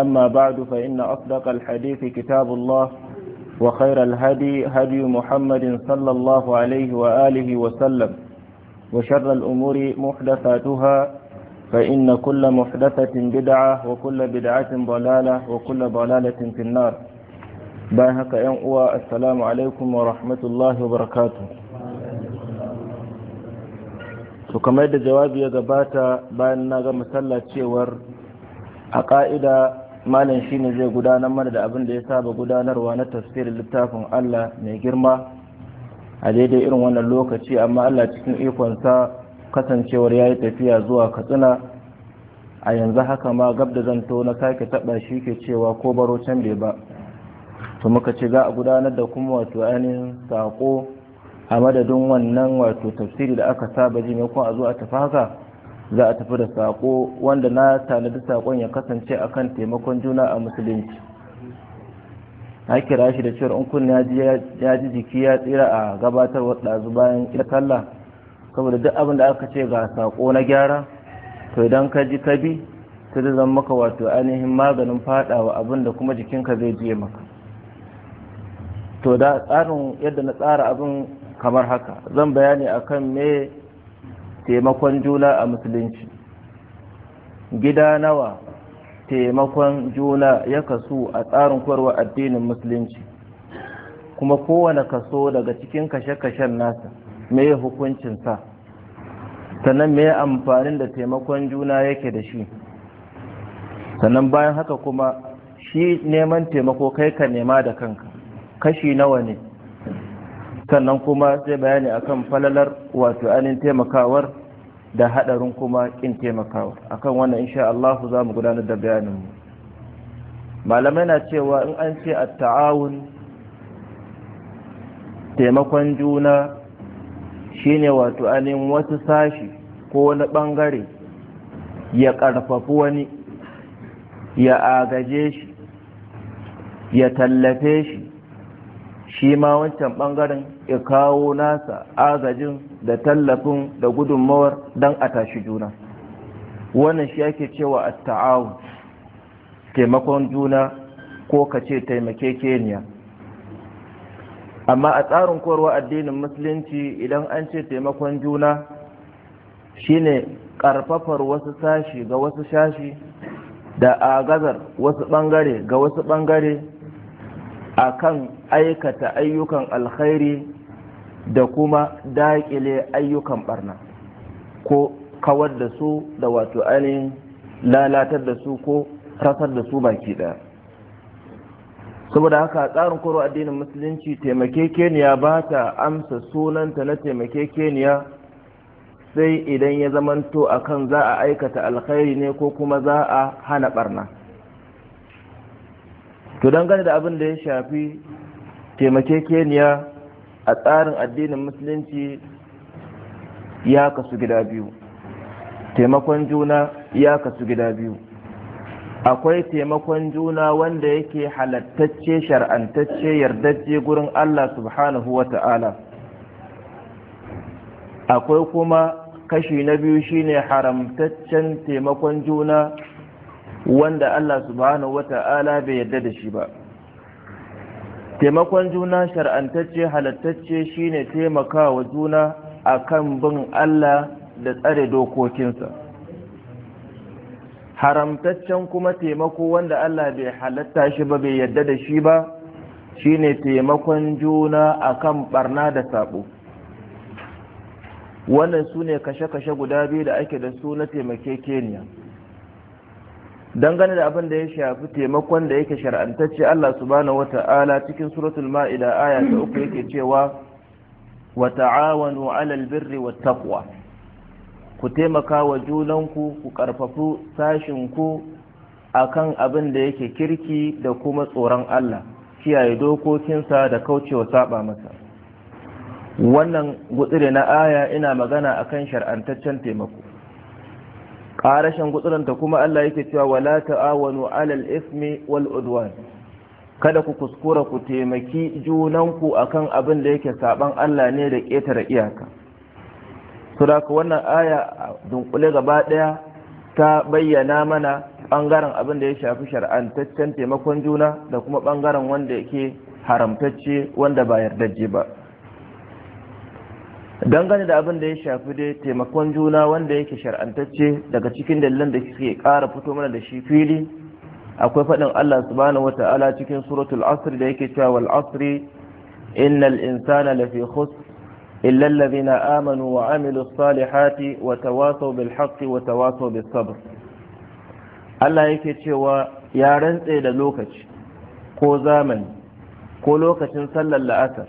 أما بعد فإن أصدق الحديث كتاب الله وخير الهدي هدي محمد صلى الله عليه وآله وسلم وشر الأمور محدثاتها فإن كل محدثة بدعة وكل بدعة ضلالة وكل ضلالة في النار باهك ينقوى السلام عليكم ورحمة الله وبركاته وكما يدى جوابي يا جباتا بأن نغم سلة شيور a ƙa'ida malam ne zai gudanar mana da abin da ya saba gudanarwa na tafsirin littafin Allah mai girma a daidai irin wannan lokaci amma Allah cikin ikonsa kasancewar ya yi tafiya zuwa katsina a yanzu haka ma gab da zanto na sake taba shi ke cewa ko baro can bai ba to muka ce za a gudanar da kuma wato ainihin saƙo a madadin wannan wato tafsiri da aka saba ji ko a zo a tafi haka za a tafi da sako, wanda na tanadi sakon ya kasance akan taimakon juna a musulunci a kira shi da cewar in kun ya ji jiki ya tsira a gabatarwar ɗazu bayan ƙirƙalla saboda duk abin da aka ce ga sako na gyara to idan ka ji ka bi ta da zan maka wato ainihin maganin faɗawa abin da kuma jikinka zai je maka to da tsarin yadda na tsara abin kamar haka zan bayani akan me taimakon juna a musulunci gida nawa taimakon juna ya kasu a tsarin kwarwa addinin musulunci kuma kowane kaso daga cikin kashe-kashen nasa me hukuncinsa sannan me amfanin da taimakon juna yake da shi sannan bayan haka kuma shi neman taimako kai ka nema da kanka kashi nawa ne sannan kuma sai bayani akan falalar wato anin taimakawar da hadarin kuma kin taimakawa akan wannan insha Allah za mu gudanar da bayanin mu malamai na cewa in an ce at-ta'awun taimakon juna shine wato anin wasu sashi ko wani bangare ya karfafi wani ya agaje shi ya tallafe shi shi ma wancan bangaren ya kawo nasa agajin da tallafin da gudunmawar don a tashi juna wannan shi ake cewa a ta'awun taimakon juna ko ka ce taimakekeniya amma a tsarin korwa addinin musulunci idan an ce taimakon juna shine karfafar wasu sashi ga wasu sashi da agazar wasu bangare ga wasu bangare akan aikata ayyukan alkhairi da kuma daƙile ayyukan barna ko kawar da su da wato ainihin lalatar da su ko rasar da su baki ɗaya saboda haka tsarin koro addinin musulunci taimakekeniya ba ta amsa sunanta na taimake taimakekeniya sai idan ya zamanto akan za a aikata alkhairi ne ko kuma za a hana barna. to dangane da abin da ya shafi taimakekeniya a tsarin addinin musulunci ya kasu gida biyu taimakon juna ya kasu gida biyu akwai taimakon juna wanda yake halattacce shar'antacce yardacce gurin Allah subhanahu wa ta'ala akwai kuma kashi na biyu shine haramtaccen taimakon juna wanda Allah subhanahu wata'ala bai yarda da shi ba taimakon juna shar'antacce halattacce shine taimakawa juna akan bin Allah da tsare dokokinsa haramtaccen kuma taimako wanda Allah bai halatta shi ba bai yarda da shi ba shine taimakon juna akan barna da sabo wannan su ne kashe-kashe guda biyu da ake da su na taimakekeniya dangane da abin da ya shafi taimakon da yake shar'antacce Allah subhanahu wata'ala cikin suratul ma'ida aya ta uku yake cewa wa ta'awanu 'alal birri wat taqwa ku taimaka wa junanku ku karfafu sashin ku akan abin da yake kirki da kuma tsoron Allah kiyaye dokokinsa da kaucewa saba masa wannan gutsire na aya ina magana akan shar'antaccen taimako ƙarashin gutsuranta kuma Allah yake cewa wala ta'awanu alal ismi wal udwan kada ku kuskura ku taimaki junanku akan abin da yake saban Allah ne da ƙetare iyaka saboda wannan aya dunkule gaba ɗaya ta bayyana mana bangaren abin da ya shafi shar'antaccen taimakon juna da kuma bangaren wanda yake haramtacce wanda ba yardajje ba dangane da abin da ya shafi dai taimakon juna wanda yake shar'antacce daga cikin dalilan da suke ƙara fito mana da shi fili akwai faɗin Allah subhanahu wata'ala cikin suratul asr da yake cewa wal asri innal insana lafi khus illa alladhina amanu wa amilu salihati wa tawasaw bil haqqi wa tawasaw bis sabr Allah yake cewa ya rantse da lokaci ko zamani ko lokacin sallar la'asar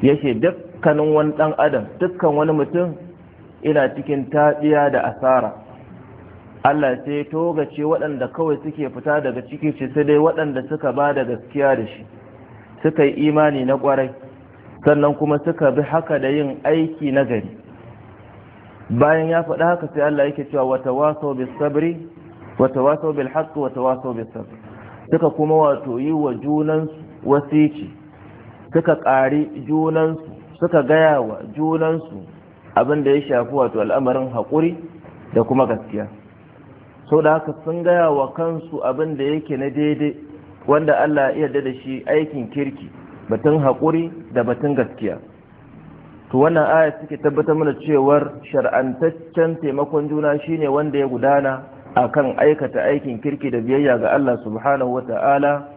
yake duk dukkanin wani ɗan adam dukkan wani mutum ina cikin taɗiya da asara Allah sai togace waɗanda kawai suke fita daga ciki ce sai dai waɗanda suka ba da gaskiya da shi suka yi imani na ƙwarai sannan kuma suka bi haka da yin aiki na gari bayan ya faɗa haka sai Allah yake cewa wata waso bil sabri wata waso bil haqqi wata waso bil sabr suka kuma wato yi wa junan wasici suka ƙari junansu suka gaya wa junansu abin da ya shafi wato al'amarin haƙuri da kuma gaskiya sau da haka sun gaya wa kansu abin da yake na daidai wanda Allah iya dada da shi aikin kirki batun haƙuri da batun gaskiya to wannan aya suke tabbatar mana cewar shar'antaccen taimakon juna shine wanda ya gudana akan aikata aikin kirki da biyayya ga Allah subhanahu ta'ala.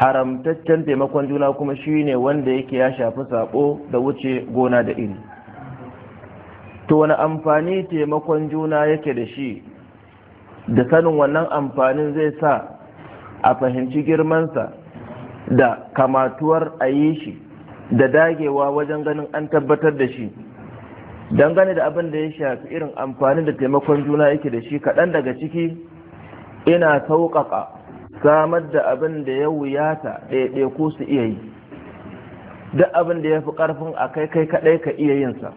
haramtaccen taimakon juna kuma shi ne wanda yake ya shafi sako da wuce gona da iri to wani amfani taimakon juna yake da shi da sanin wannan amfanin zai sa a fahimci girmansa da kamatuwar a yi shi da dagewa wajen ganin an tabbatar da shi dangane da abin da ya shafi irin amfani da taimakon juna yake da shi kaɗan daga ciki ina sauƙaƙa samar da abin da ya wuyata ɗaiɗaya ko su iya yi duk abin da ya fi ƙarfin a kai kai kaɗai ka iya yinsa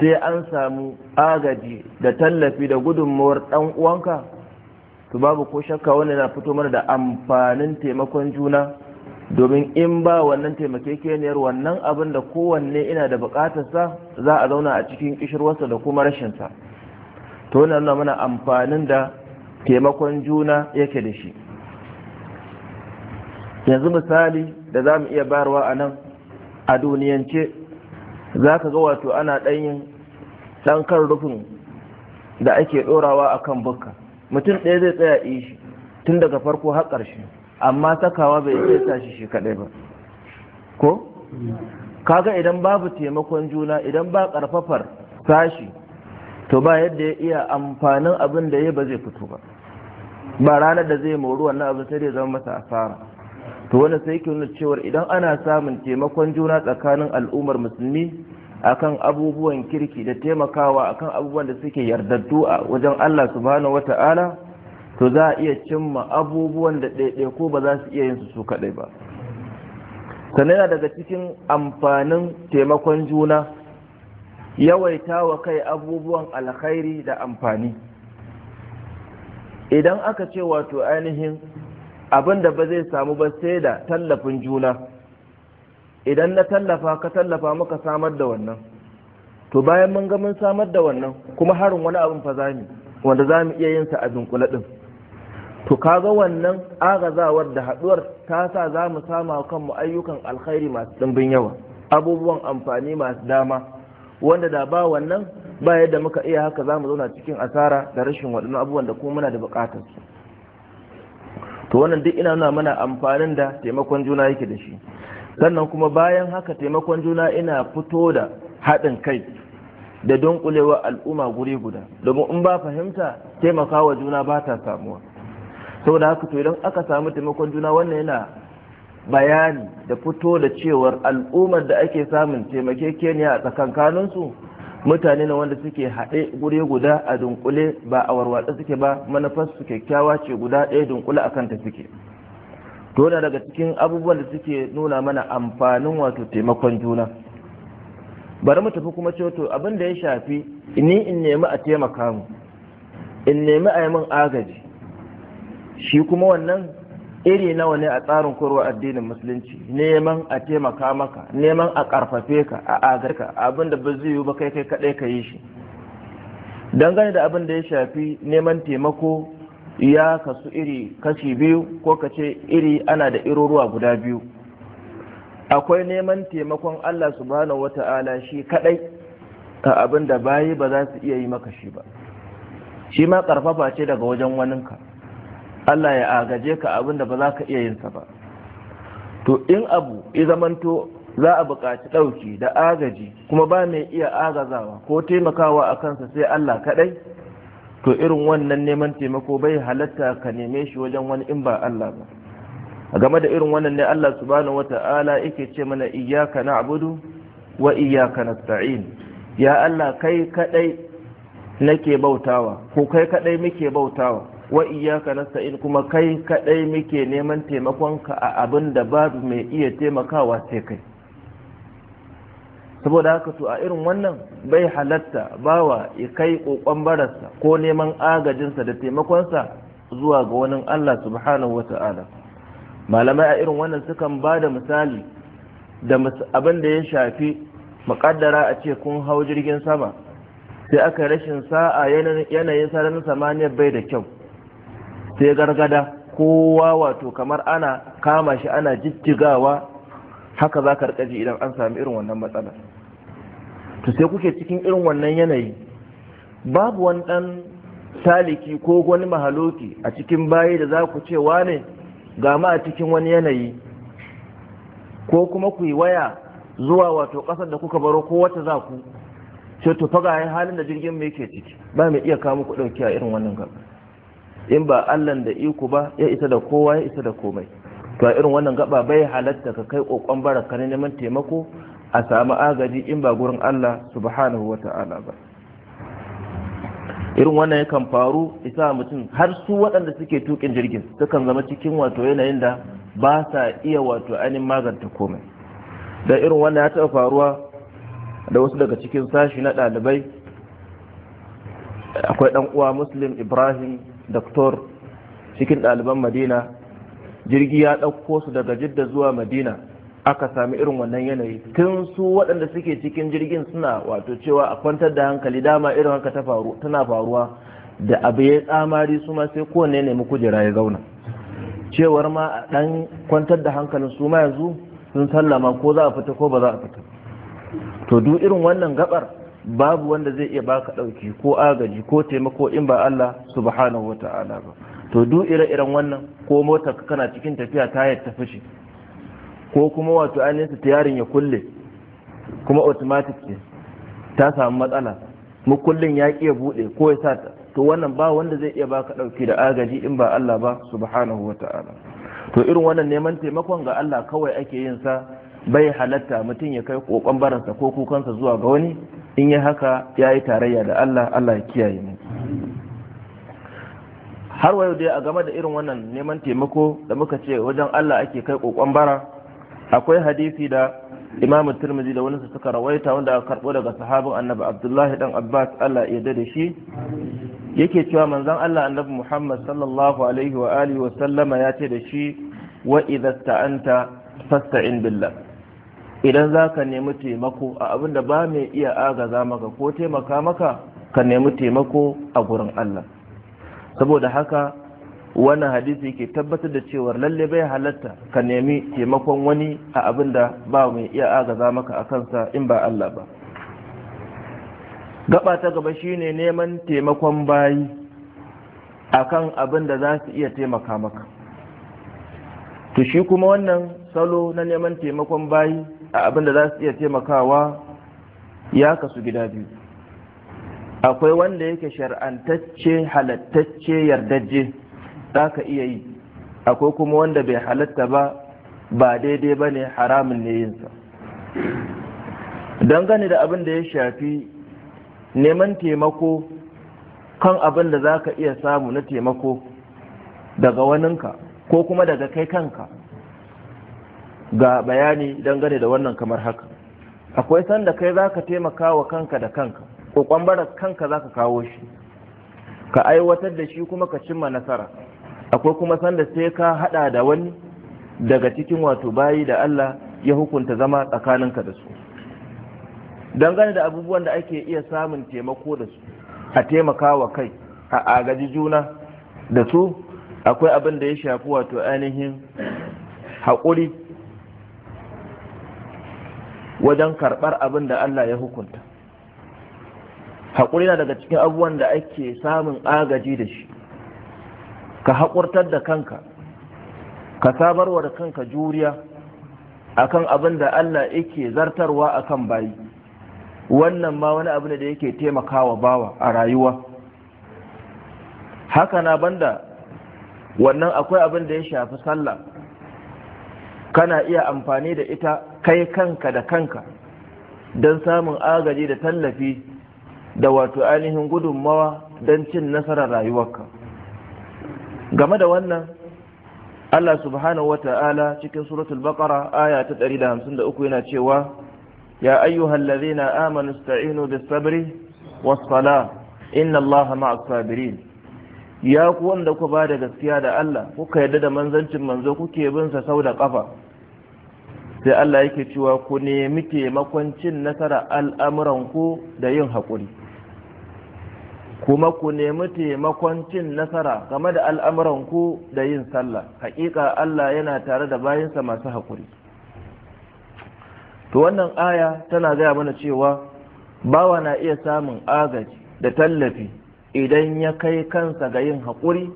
sai an samu agaji da tallafi da gudunmawar ɗan uwanka to babu ko shakka wani na fito mana da amfanin taimakon juna domin in ba wannan taimakekeniyar wannan abin da kowanne ina da buƙatarsa za a zauna a cikin ƙishirwarsa da kuma rashinsa to wannan mana amfanin da taimakon juna yake da shi yanzu misali da za mu iya bayarwa a nan a duniyance za ka ga wato ana ɗanyin ɗan kan rufin da ake ɗorawa a kan bukka mutum ɗaya zai tsaya ishi tun daga farko har ƙarshe amma sakawa bai iya tashi shi shi kaɗai ba ko kaga idan babu taimakon juna idan ba ƙarfafar sashi to ba yadda ya iya amfanin abin da ya ba zai fito ba ba ranar da zai mori wannan abin sai zai zama masa asara to wani sai ke nuna cewar idan ana samun taimakon juna tsakanin al'ummar musulmi akan abubuwan kirki da taimakawa akan abubuwan da suke yardattu a wajen Allah subhanahu wata'ala to za a iya cimma abubuwan da ɗaiɗaiku ba za su iya yin su su kaɗai ba sannan daga cikin amfanin taimakon juna yawaita wa kai abubuwan alkhairi da amfani idan aka ce wato ainihin abin da ba zai samu ba sai da tallafin juna idan na tallafa ka tallafa muka samar da wannan to bayan mun ga mun samar da wannan kuma harin wani abin fa zamu wanda zamu iya yin sa a dunkule din to kaga wannan agazawar da haduwar ta sa za mu kan kanmu ayyukan alkhairi masu dimbin yawa abubuwan amfani masu dama wanda da ba wannan ba yadda muka iya haka za mu zauna cikin asara da rashin waɗannan abubuwan da kuma muna da buƙatar su to wannan duk ina nuna mana amfanin da taimakon juna yake da shi sannan kuma bayan haka taimakon juna ina fito da haɗin kai da dunkulewa al'umma guri guda domin in ba fahimta taimakawa juna ba ta samuwa saboda haka to idan aka samu taimakon juna wannan yana bayani da fito da cewar al'ummar da ake samun taimakekeniya a tsakankaninsu mutane ne wanda suke haɗe guri guda a dunkule ba a warwatsa suke ba manufar su kyakkyawa ce guda ɗaya dunkule a kanta suke tona daga cikin abubuwan da suke nuna mana amfanin wato taimakon juna bari mu tafi kuma ceto abin da ya shafi ni in nemi a taimaka mu in nemi a yi min agaji shi kuma wannan iri nawa ne a tsarin korwa addinin musulunci neman a taimaka maka neman a karfafe ka a agarka abin da ba zai yiwu ba kai kai kadai ka yi shi dangane da abin da ya shafi neman taimako ya kasu iri kashi biyu ko kace iri ana da iruruwa guda biyu akwai neman taimakon Allah subhanahu wata'ala shi kadai a abin da bayi ba za su iya yi maka shi ba shi ma karfafa ce daga wajen waninka Allah ya agaje ka abin da ba za ka iya yin sa ba to in abu ya zamanto za a buƙaci ɗauki da agaji kuma ba mai iya agazawa ko taimakawa a kansa sai Allah kaɗai to irin wannan neman taimako bai halatta ka neme shi wajen wani in ba Allah ba a game da irin wannan ne Allah subhanahu ta'ala yake ce mana iyyaka na'budu wa iyyaka nasta'in ya Allah kai kaɗai nake bautawa ko kai kaɗai muke bautawa wa iyyaka in kuma kai kadai muke neman taimakonka a abin da babu mai iya taimakawa sai kai saboda haka to a irin wannan bai halatta bawa ya kai kokon bararsa ko neman agajinsa da taimakonsa zuwa ga wani Allah subhanahu wata'ala malamai a irin wannan sukan ba da misali da abin da ya shafi muƙaddara a ce kun hau jirgin sama sai aka rashin sa'a yanayin sararin samaniyar bai da kyau sai gargada kowa wato kamar ana kama shi ana jijjigawa haka za ka rikaji idan an sami irin wannan matsala to sai kuke cikin irin wannan yanayi babu wani ɗan saliki ko wani mahaloki a cikin bayi da za ku ce wane ga ma a cikin wani yanayi ko kuma ku yi waya zuwa wato ƙasar da kuka baro ko wata za ku ce to faga halin da jirgin mai ke ciki ba mai iya kamu ku ɗauki a irin wannan gaba in ba allah da iko ba ya isa da kowa ya isa da komai to a irin wannan gaba bai halatta ka kai kokon baraka ne neman taimako a samu agaji in ba gurin allah subhanahu wata'ala ba irin wannan yakan faru isa mutum har su waɗanda suke tukin jirgin sukan zama cikin wato yanayin da ba sa iya wato ainihin maganta komai da irin wannan ya taɓa faruwa da wasu daga cikin sashi na ɗalibai akwai ɗan uwa muslim ibrahim doktor cikin ɗaliban madina jirgi ya ɗauko su daga jidda zuwa madina aka sami irin wannan yanayi tun su waɗanda suke cikin jirgin suna wato cewa a kwantar da hankali dama irin haka ta faru tana faruwa da abu ya tsamari su ma sai kowanne nemi kujera ya zauna cewar ma a ɗan kwantar da hankalin su ma yanzu sun sallama ko za a fita ko ba za a fita to duk irin wannan gabar babu wanda zai iya baka ɗauki ko agaji ko taimako in ba Allah subhanahu wa ta'ala ba to duk ire-iren wannan ko mota kana cikin tafiya ta yi ta fashe ko kuma wato ainihin tiyarin ya kulle kuma automatic ne ta samu matsala mu kullun ya ya buɗe ko ya sa ta to wannan ba wanda zai iya baka ɗauki da agaji in ba Allah ba subhanahu wa ta'ala to irin wannan neman taimakon ga Allah kawai ake yin sa bai halatta mutum ya kai kokon baransa ko kukansa zuwa ga wani in yi haka ya yi tarayya da Allah Allah ya kiyaye mu har wayo dai a game da irin wannan neman taimako da muka ce wajen Allah ake kai kokon bara akwai hadisi da Imam Tirmidhi da wani suka rawaita wanda aka karbo daga sahabin Annabi Abdullahi dan Abbas Allah ya yarda da shi yake cewa manzon Allah Annabi Muhammad sallallahu alaihi wa alihi wa sallama ya ce da shi wa idza ta'anta fasta'in billah idan za ka nemi taimako a abin da ba mai iya agaza maka ko taimaka maka ka nemi taimako a gurin Allah saboda haka wannan hadisi ke tabbatar da cewar lalle bai halatta ka nemi taimakon wani a abin da ba mai iya agaza maka a kansa in ba Allah ba gaba ta gaba shine neman taimakon bayi akan abin da za su iya taimaka maka to shi kuma wannan salo na neman taimakon bayi a abin da za su iya taimakawa ya kasu gida biyu akwai wanda yake shar'antacce halattacce yardajje za ka iya yi akwai kuma wanda bai halatta ba ba daidai ba ne haramun ne yinsa dangane da abin da ya shafi neman taimako kan abin da za ka iya samu na taimako daga waninka ko kuma daga kai kanka ga bayani dangane da wannan kamar haka akwai sanda kai za ka taimaka wa kanka da kanka ko bara kanka za ka kawo shi ka aiwatar da shi kuma ka cimma nasara akwai kuma sanda sai ka hada da wani daga cikin wato bayi da Allah ya hukunta zama tsakaninka da su dangane da abubuwan da ake iya samun taimako da su a taimaka wa kai a agaji juna da su akwai abin da ya shafi wato ainihin haƙuri wajen karɓar abin da Allah ya hukunta haƙuri na daga cikin abubuwan da ake samun agaji da shi ka haƙurtar da kanka ka sabarwa da kanka juriya akan abin da Allah yake zartarwa akan bayi wannan ma wani abu da yake taimakawa bawa a rayuwa haka na banda wannan akwai abin da ya shafi sallah kana iya amfani da ita kai kanka da kanka don samun agaji da tallafi da wato ainihin gudunmawa don cin nasarar rayuwarka game da wannan Allah subhanahu Ta'ala, cikin suratul baqara aya ta 153 yana cewa ya ayyuhal ladhina amanu ista'inu bis sabri was sala inna Allaha ma'as sabirin ya ku wanda ku ba da gaskiya da Allah kuka yarda da manzancin manzo kuke bin sa sau da kafa sai Allah yake cewa ku nemi taimakon cin nasara al'amuran da yin haƙuri kuma ku nemi taimakon cin nasara game da al'amuran ku da yin sallah haƙiƙa Allah yana tare da bayinsa masu haƙuri to wannan aya tana gaya mana cewa bawa na iya samun agaji da tallafi idan ya kai kansa ga yin haƙuri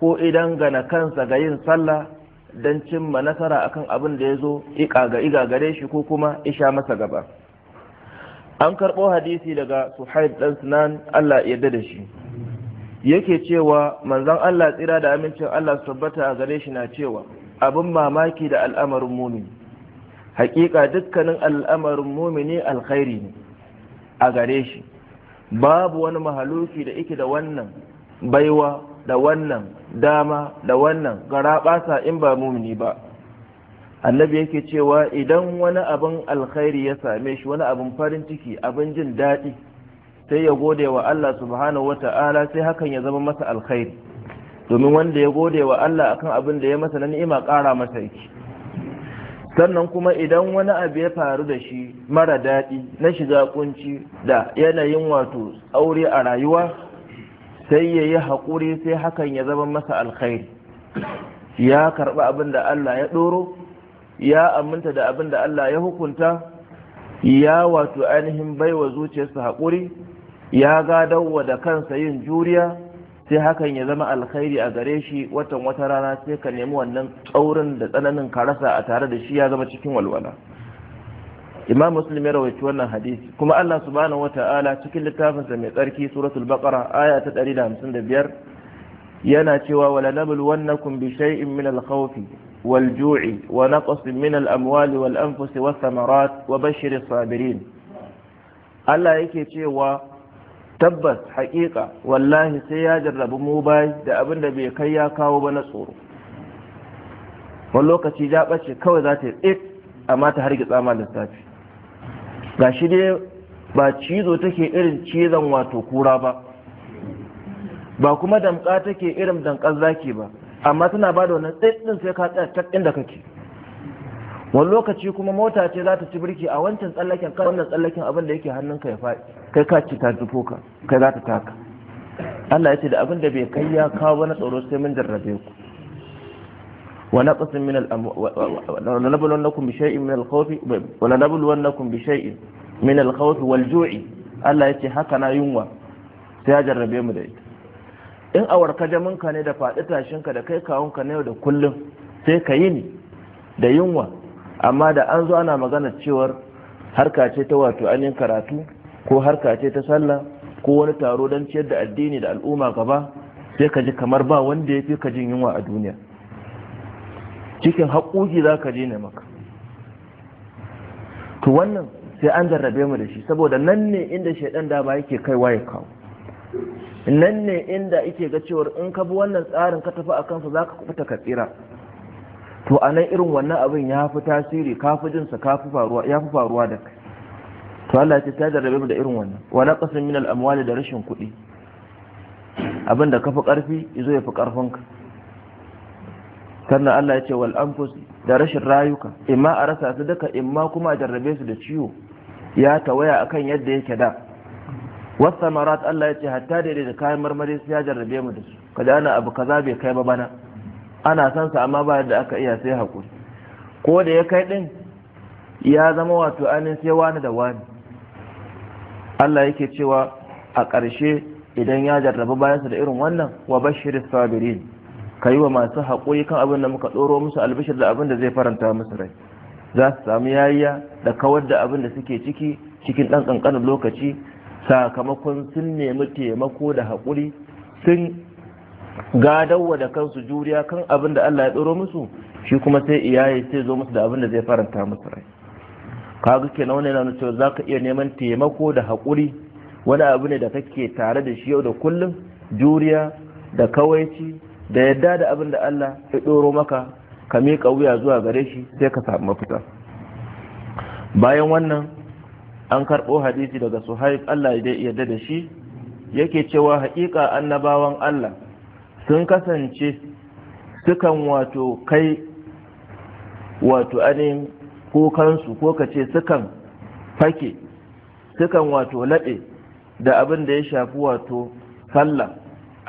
ko idan gana kansa ga yin sallah don cimma nasara akan abin da ya zo gare shi ko kuma isha masa gaba an karɓo hadisi daga suhaib ɗan sinan allah yadda da shi yake cewa manzan allah tsira da amincin allah su tabbata a gare shi na cewa abin mamaki da al'amarin mumini hakika dukkanin al'amarin mumini alkhairi ne a gare shi babu wani mahaluki da ike da wannan baiwa da wannan dama da wannan garaɓasa in ba mumini ba annabi yake cewa idan wani abin alkhairi ya same shi wani abin farin ciki abin jin daɗi sai ya gode wa Allah subhanahu wata'ala sai hakan ya zama masa alkhairi domin wanda ya gode wa Allah akan abin da ya masa na ni'ima ƙara masa yake sannan kuma idan wani abu ya faru da shi mara daɗi na shiga kunci da yanayin wato aure a rayuwa sai ya yi haƙuri sai hakan ya zama masa alkhairi ya karɓi abin da Allah ya ɗoro ya aminta da abin da Allah ya hukunta ya wato ainihin baiwa zuciyarsa haƙuri ya gadawa da kansa yin juriya sai hakan ya zama alkhairi a gare shi watan wata rana sai ka nemi wannan tsaurin da tsananin karasa a tare da shi ya zama cikin walwala imam muslim ya rawaci wannan hadisi kuma Allah subhanahu Ta'ala, cikin littafinsa mai tsarki suratul baqara aya ta 155 yana cewa wala nabluwannakum bi shay'in min al-khawfi wal ju'i wa naqsin min al-amwali wal anfusi was thamarat wa bashshiris sabirin Allah yake cewa tabbas haƙiƙa wallahi sai ya jarrabu mu bai da abin da bai kai ya kawo ba na tsoro wani lokaci ja ɓace kawai za ta yi tsit amma ta hargitsa ma lissafi ga shi dai ba cizo take irin cizon wato kura ba ba kuma damƙa take irin damƙar zaki ba amma tana ba da wannan tsaitsin sai ka tsaya can inda kake wani lokaci kuma mota ce za ta ci birki a wancan tsallaken kan wannan tsallaken abin da yake hannunka ya faɗi kai ka ci ta zufo ka kai za ta taka Allah ya ce da abin da bai kai ya kawo wani tsoro sai mun jarrabe ku ونقص من الأمو... ولنبلونكم بشيء من الخوف ولنبلونكم بشيء من الخوف والجوع Allah ya ce haka na yunwa sai ya jarrabe mu da ita in awarka jamanka ne da faɗi tashinka da kai kawunka na yau da kullum sai ka yi ni da yunwa amma da an zo ana magana cewar harka ce ta wato ainihin karatu ko harka ta sallah ko wani taro don ciyar da addini da al'umma gaba sai ka ji kamar ba wanda ya fi ka jin yunwa a duniya cikin haƙoƙi za ka je ne maka to wannan sai an jarrabe mu da shi saboda nan ne inda shaidan da ba yake kai waye kawo nan ne inda yake ga cewar in ka bi wannan tsarin ka tafi a kansa za ka fita ka tsira to a nan irin wannan abin ya fi tasiri ka fi jinsa ya fi faruwa da kai to Allah ce ta jarrabe mu da irin wannan wani kasan min al-amwali da rashin kuɗi abin da ka fi ƙarfi izo ya fi ƙarfinka sannan Allah ya ce wal anfus da rashin rayuka imma a rasa su duka imma kuma a jarrabe su da ciwo ya tawaya akan yadda yake da wasu samarat Allah ya ce hatta da da kayan marmari su ya jarrabe mu da su kaji ana abu kaza bai kai ba bana ana san sa amma ba da aka iya sai hakuri ko da ya kai din ya zama wato anin sai wani da wani Allah yake cewa a ƙarshe idan ya jarrabi bayansa da irin wannan wa bashirin sabirin ka yi wa masu haƙuri kan abin da muka ɗoro musu albishir da abin da zai faranta musu rai za su sami yayya da kawar da abin da suke ciki cikin ɗan ƙanƙanin lokaci sakamakon sun nemi taimako da haƙuri sun gadawa da kansu juriya kan abin da Allah ya ɗoro musu shi kuma sai iyaye sai zo musu da abin da zai faranta musu rai kaga kenan wannan yana cewa za ka iya neman taimako da haƙuri wani abu ne da kake tare da shi yau da kullum juriya da kawaici da yadda da abin da Allah ya ɗoro maka ka miƙa wuya zuwa gare shi sai ka samu mafita bayan wannan an karɓo hadisi daga suhaib Allah ya yarda da shi yake cewa haƙiƙa annabawan Allah sun kasance sukan wato kai wato anin ko kansu ko ce sukan fake sukan wato laɓe da abin da ya shafi wato sallah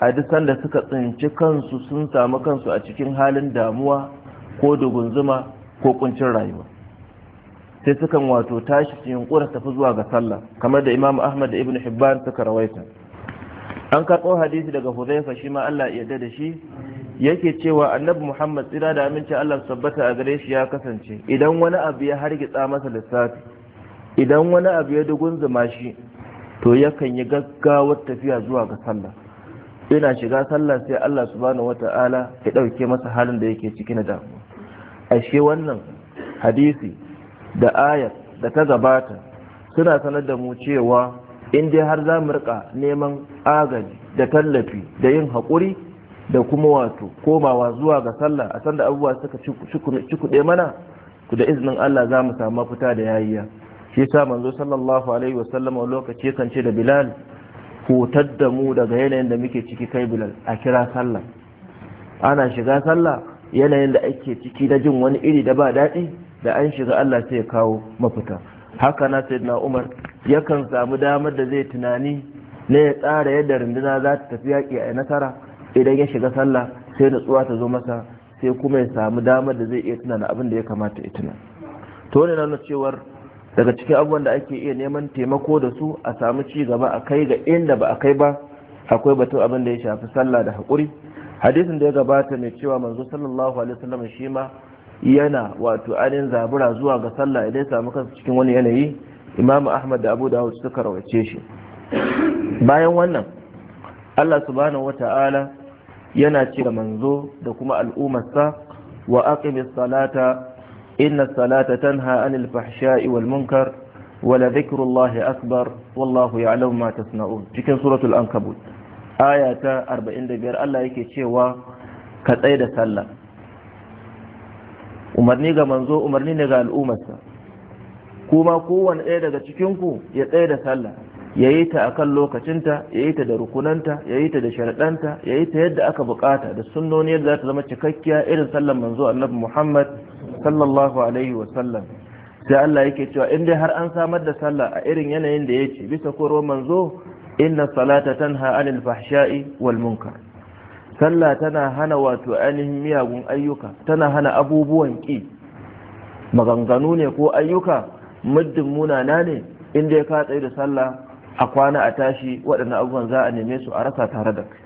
a duk sanda suka tsinci kansu sun samu kansu a cikin halin damuwa ko dugunzuma ko kuncin rayuwa sai sukan wato tashi su yunkura tafi zuwa ga sallah kamar da imam ahmad da ibn hibban suka rawaita an karɓo hadisi daga huzaifa shi ma allah ya da shi yake cewa annabi muhammad tsira da aminci allah tabbata a gare shi ya kasance idan wani abu ya hargitsa masa lissafi idan wani abu ya dugunzuma shi to yakan yi gaggawar tafiya zuwa ga sallah ina shiga sallah sai Allah subhanahu wata'ala ya ɗauke masa halin da yake ciki na damuwa ashe wannan hadisi da ayar da ta gabata suna sanar da mu cewa in dai har za mu rika neman agaji da tallafi da yin haƙuri da kuma wato komawa zuwa ga sallah a sanda abubuwa suka cikuɗe mana ku da izinin Allah za mu samu fita da yayiya shi sa manzo sallallahu alaihi wasallam lokaci kan ce da Bilal Hotar da mu daga yanayin da muke ciki kai bilal a kira sallah ana shiga sallah yanayin da ake ciki da jin wani iri da ba daɗi da an shiga Allah sai ya kawo mafita haka na sayyidina Umar yakan samu damar da zai tunani ne ya tsara yadda runduna za ta tafi yaƙi a nasara idan ya shiga sallah sai natsuwa ta zo masa sai kuma ya samu damar da zai iya tunana abin da ya kamata ya tuna to ne na cewar daga cikin abubuwan da ake iya neman taimako da su a samu ci gaba a kai ga inda ba a kai ba akwai batun abin da ya shafi sallah da haƙuri hadisin da ya gabata mai cewa manzo sallallahu alaihi wasallam shi ma yana wato anin zabura zuwa ga sallah idan ya samu kansa cikin wani yanayi imam ahmad da abu dawud suka rawace shi bayan wannan allah subhanahu wata'ala yana ce manzo da kuma al'ummarsa wa aqimis salata إن الصلاة تنهى عن الفحشاء والمنكر ولذكر الله أكبر والله يعلم ما تصنعون cikin سورة الأنكبوت آية 45 الله يكي شوى ka tsaye da sallah umarni ga manzo umarni ne ga al'ummarsa kuma kowane ɗaya daga cikinku ya tsaye da sallah ya yi ta akan lokacinta ya yi ta da rukunanta ya yi ta da sharaɗanta ya yi ta yadda aka bukata da sunnoni yadda za ta zama cikakkiya irin sallan manzo annabi muhammad sallallahu alaihi wasallam sai allah yake cewa in dai har an samar da sallah a irin yanayin da ya ce bisa korowar manzo inna salata tanha anil fahsha'i wal munkar sallah tana hana wato ainihin miyagun ayyuka tana hana abubuwan ƙi maganganu ne ko ayyuka muddin munana ne in ya ka tsaye da sallah a kwana a tashi waɗannan abubuwan za a neme su a rasa tare da kai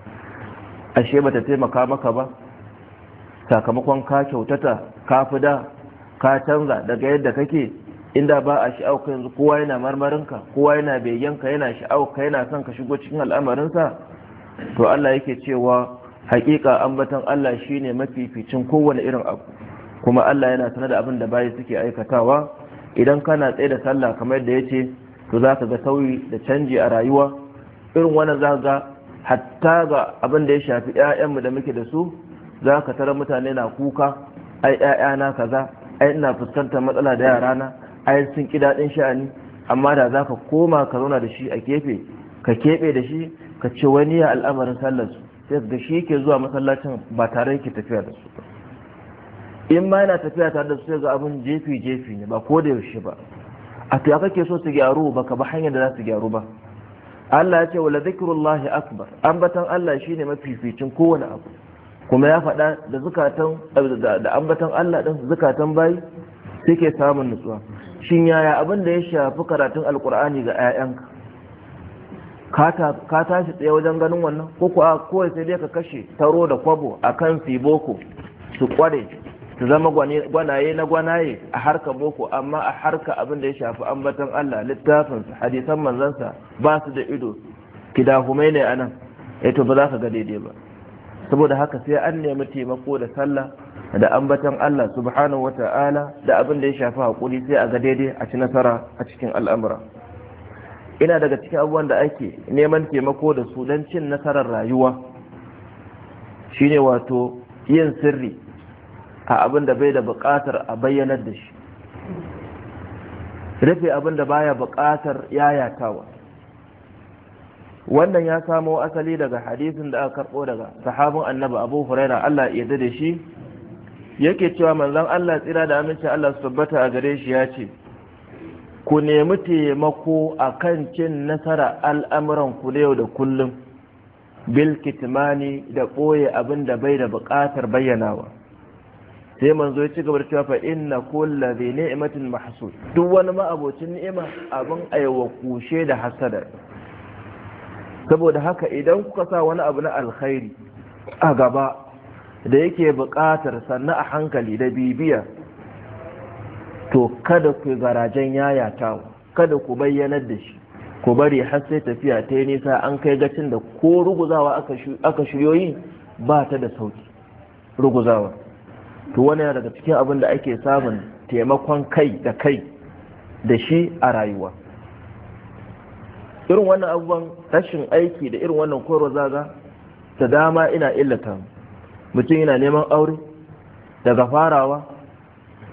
ashe ba ta taimaka maka ba sakamakon ka kyautata ka fi da ka canza daga yadda kake inda ba a ka yanzu kowa yana marmarin marmarinka kowa yana begenka yana ka? yana son ka shigo cikin al'amarinsa to Allah yake cewa hakika ambaton Allah shine mafificin kowane irin abu kuma Allah yana sanar da abin da bayi suke aikatawa idan kana tsaye da sallah kamar yadda yace to za ka ga sauyi da canji a rayuwa irin wannan za ga hatta ga abin da ya shafi 'ya'yanmu da muke da su za ka tara mutane na kuka ai 'ya'yana kaza ai ina fuskantar matsala da yara na, ai sun ƙi daɗin sha'ani amma da za ka koma ka zauna da shi a kefe ka keɓe da shi ka ce wani ya al'amarin su, sai ga shi yake zuwa masallacin ba tare yake tafiya da su in ma yana tafiya tare da su sai ga abin jefi jefi ne ba ko da yaushe ba a to kake so su gyaru baka ba hanyar da za su gyaru ba Allah ya ce wala zikrullahi akbar ambatan Allah shine mafificin kowane abu kuma ya faɗa da zukatan da ambatan Allah din zukatan bayi suke samun nutsuwa shin yaya abin da ya shafi karatun alkur'ani ga 'ya'yanka ka tashi tsaye wajen ganin wannan ko kuwa kowai sai dai ka kashe taro da kwabo akan kan fiboko su kware su zama gwanaye na gwanaye a harka boko amma a harka abin da ya shafi ambatan Allah littafinsa hadisan manzansa ba su da ido hume ne anan eh to ba za ka ga daidai ba saboda haka sai an nemi taimako da sallah da ambatan Allah subhanahu wata'ala da abin da ya shafi hakuri sai a ga daidai a ci nasara a cikin al'amura ina daga cikin abubuwan da ake neman taimako da su don cin nasarar rayuwa shine wato yin sirri a abin da bai da buƙatar a bayyanar da shi rufe abin da baya buƙatar yayatawa wannan ya samo asali daga hadisin da aka karbo daga sahabin annabi abu huraira allah ya da shi yake cewa manzon allah tsira da aminci allah su tabbata a gare shi ya ce ku nemi taimako a kan cin nasara al'amuran ku yau da kullum bil kitmani da ɓoye abin da bai da buƙatar bayyanawa sai manzo ya ci gaba da cewa fa inna kulla bi ni'matin mahsud duk wani ma'abocin ni'ima abin aiwa kushe da hasada saboda haka idan kuka sa wani abu na alkhairi a gaba da yake buƙatar sannan a hankali da bibiya to kada ku garajen yaya ta kada ku bayyanar da shi ku bari har sai tafiya ta yi nisa an kai gacin da ko ruguzawa aka shiryoyi ba ta da sauki ruguzawa to wani daga cikin abin da ake samun taimakon kai da kai da shi a rayuwa irin wannan abubuwan rashin aiki da irin wannan koro zaga da dama ina illata mutum yana neman aure daga farawa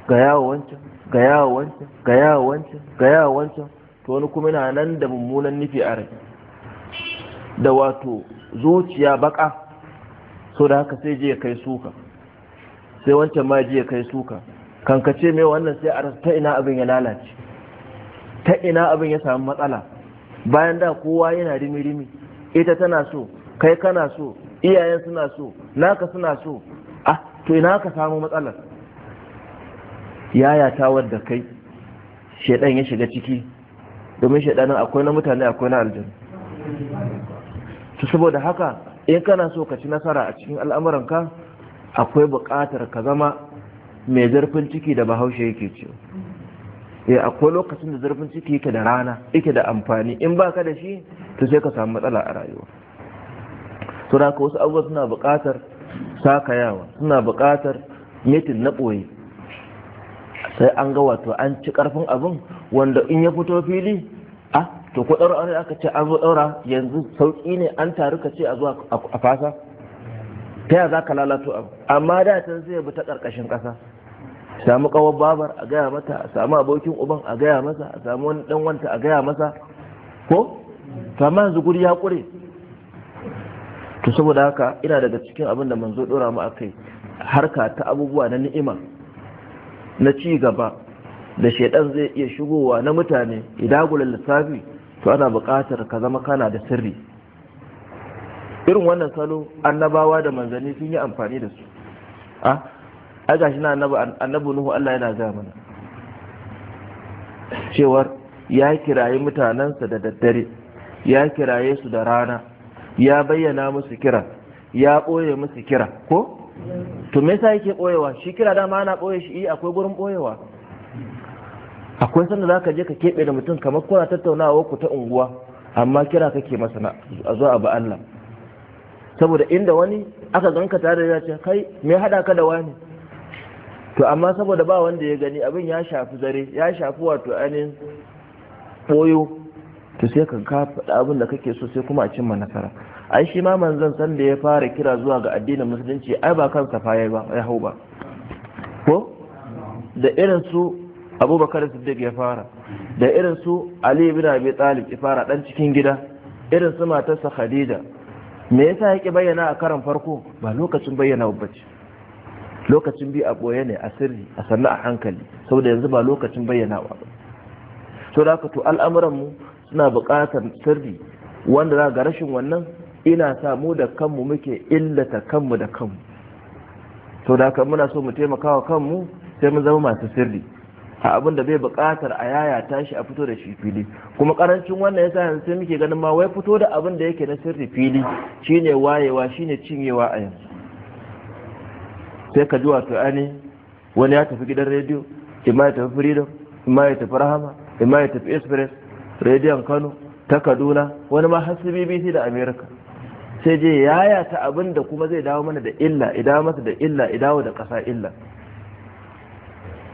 ga yawo wancan ga yawo wancan ga yawo wancan ga yawo wancan to wani kuma yana nan da mummunan nufi a rai da wato zuciya baka so da haka sai je ya kai suka sai wancan ma ji ya kai suka kankace mai wannan sai a ta ina abin ya lalace ta ina abin ya samu matsala bayan da kowa yana rimirimi ita tana so kai kana so iyayen suna so naka suna so ah to ina ka samu matsalar yaya ta wadda kai shaidan ya shiga ciki domin shaidanin akwai na mutane akwai na aljanu to saboda haka in kana so ka ci nasara a cikin al'amuranka akwai buƙatar ka zama mai zarfin ciki da bahaushe yake ciwo ya eh, akwai lokacin da zarfin ciki yake da rana yake da amfani in ba ka da shi to sai ka samu matsala a rayuwa to da ka wasu abubuwa suna buƙatar sakayawa suna buƙatar metin na ɓoye sai an ga wato an ci ƙarfin abin wanda in ya fito fili a ah, to ko ɗaura aka ce an zo ɗaura yanzu sauƙi ne an taru ka ce a zuwa a fasa ta za ka lalato abu amma da ta zai bi ta ƙarƙashin ƙasa samu kawar babar a gaya mata a samu abokin uban a gaya masa a samu wani dan wanta a gaya masa ko to yanzu ya ƙure to saboda haka ina daga cikin abin da manzo ɗora mu akai harka ta abubuwa na ni'ima na ci gaba da shaidan zai iya shigowa na mutane idagula lissafi to ana buƙatar ka zama kana da sirri irin wannan salo annabawa da manzanni sun yi amfani da su a ah, aga shi na annabu nuhu Allah yana za mana cewar ya kiraye mutanensa da daddare ya kiraye su da rana ya bayyana musu kira ya ɓoye musu kira ko to me yasa yake ɓoyewa shi kira dama ana ɓoye shi eh, akwai gurin ɓoyewa akwai sanda za ka je ka keɓe da mutum kamar kuna tattaunawa ku ta unguwa amma kira kake masa a zuwa ba Allah saboda inda wani aka ganka tare da ce kai mai hada ka da wani to amma saboda ba wanda ya gani abin ya shafi zare ya shafi wato ainihin boyo to sai ka ka faɗa abin da kake so sai kuma a cimma nasara ai shi ma manzon san da ya fara kira zuwa ga addinin musulunci ai ba kansa fa ya hau ba ko da irin su abubakar siddiq ya fara da irin su ali ibn abi talib ya fara dan cikin gida irin su matarsa khadija me yasa yake bayyana a karan farko ba lokacin bayyana ce. lokacin bi a boye ne a sirri a sannu a hankali saboda yanzu ba lokacin bayyana ba so da to al'amuran mu suna buƙatar sirri wanda za ga rashin wannan ina sa mu da kanmu muke illata kanmu da kanmu to da haka muna so mu taimaka wa kanmu sai mu zama masu sirri a abin da bai buƙatar a yaya tashi a fito da shi fili kuma karancin wannan yasa yanzu sai muke ganin ma wai fito da abin da yake na sirri fili shine wayewa shine cinyewa a yanzu sai ka ji wato ani wani ya tafi gidan rediyo imma ya tafi freedom imma ya tafi rahama imma ya tafi express rediyon kano ta kaduna wani ma har bbc da Amerika. sai je yaya ta abin da kuma zai dawo mana da illa idawo masa da illa idawo da ƙasa illa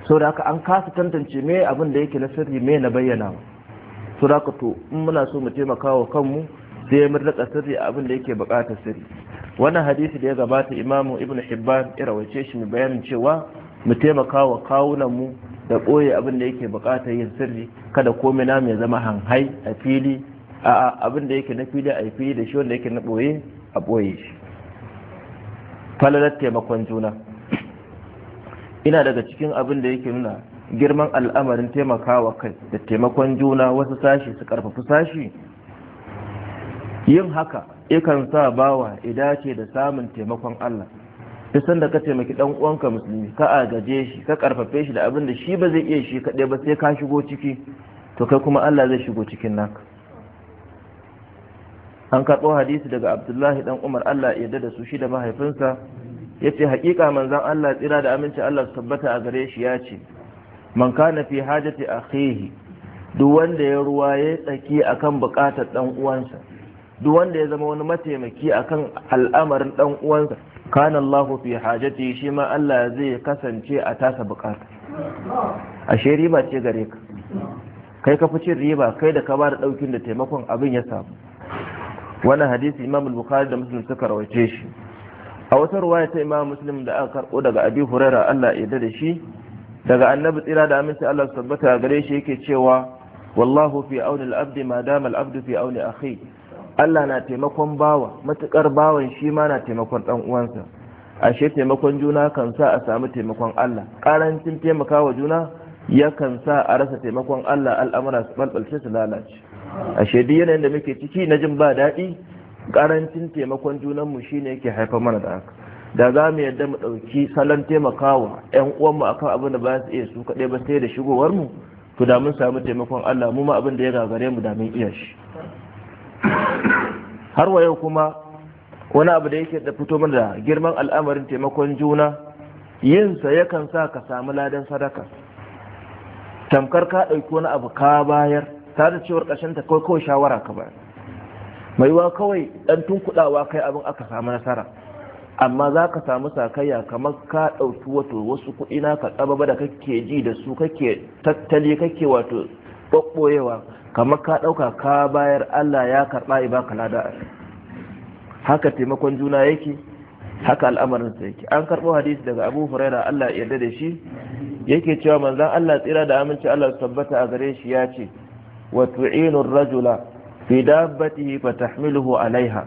sau da haka an kasa tantance me abin da yake na sirri me na bayyana sau da haka to in muna so mu taimaka wa kanmu sai ya murɗa sirri abin da yake bukatar sirri wannan hadisi da ya gabata imamu ibn hibban ya rawace shi mai bayanin cewa mu taimaka wa kawunan mu da ɓoye abin da yake bukatar yin sirri kada komai na mai zama hanhai a fili a abin da yake na fili a fili da shi wanda yake na ɓoye a ɓoye shi falalar taimakon juna ina daga cikin abin da yake nuna girman al'amarin taimakawa kai da taimakon juna wasu sashi su karfafi sashi yin haka ikan sa bawa idace ce da samun taimakon Allah duk da ka taimaki dan uwanka musulmi ka agaje shi ka karfafe shi da abin da shi ba zai iya shi kaɗai ba sai ka shigo ciki to kai kuma Allah zai shigo cikin naka an karɓo hadisi daga Abdullahi dan Umar Allah ya yarda da su shi da mahaifinsa Ya ce haƙiƙa manzan Allah tsira da aminci Allah su tabbata a gare shi ya ce man kana fi hajati akhihi duk wanda ya ruwa ya tsaki akan buƙatar dan duk wanda ya zama wani mataimaki akan al'amarin dan uwansa kana Allah fi hajati shi ma Allah zai kasance a tasa buƙata ashe riba ce gare kai ka cin riba kai da ka ba da daukin da taimakon abin ya samu wannan hadisi Imam Bukhari da Muslim suka rawace shi a wata ruwaya ta imam muslim da aka karɓo daga abi huraira allah ya da shi daga annabi tsira da aminci allah su tabbata gare shi yake cewa wallahu fi auni al'abdi ma dama al'abdu fi auni akhi allah na taimakon bawa matukar bawan shi ma na taimakon dan uwansa ashe taimakon juna kan sa a samu taimakon allah karancin taimakawa juna yakan sa a rasa taimakon allah al'amura su balbalce su lalace ashe duk yanayin da muke ciki na jin ba daɗi karancin taimakon junanmu shine yake haifar mana da haka da za mu yadda mu ɗauki salon taimakawa 'yan uwanmu akan abin da ba su iya su kaɗai ba sai da shigowarmu to da mun samu taimakon Allah mu ma abin da ya gagare mu da mun iya shi har wa kuma wani abu da yake da fito mana da girman al'amarin taimakon juna yin sa yakan sa ka samu ladan sadaka tamkar ka ɗauki wani abu ka bayar ta da cewar ƙashin ta kawai shawara ka bayar mai wa kawai dan kudawa kai abin aka samu nasara amma za ka samu sakayya kamar ka ɗauki wato wasu kuɗi na ka tsababa da kake ji da su kake tattali kake wato ɓoɓɓoyewa kamar ka ɗauka ka bayar Allah ya karɓa ba ka lada haka taimakon juna yake haka al'amarin sa yake an karɓo hadisi daga Abu Huraira Allah ya yarda da shi yake cewa manzan Allah tsira da aminci Allah tabbata a gare shi ya ce wa tu'inu rajula fi dabbati fa tahmiluhu alaiha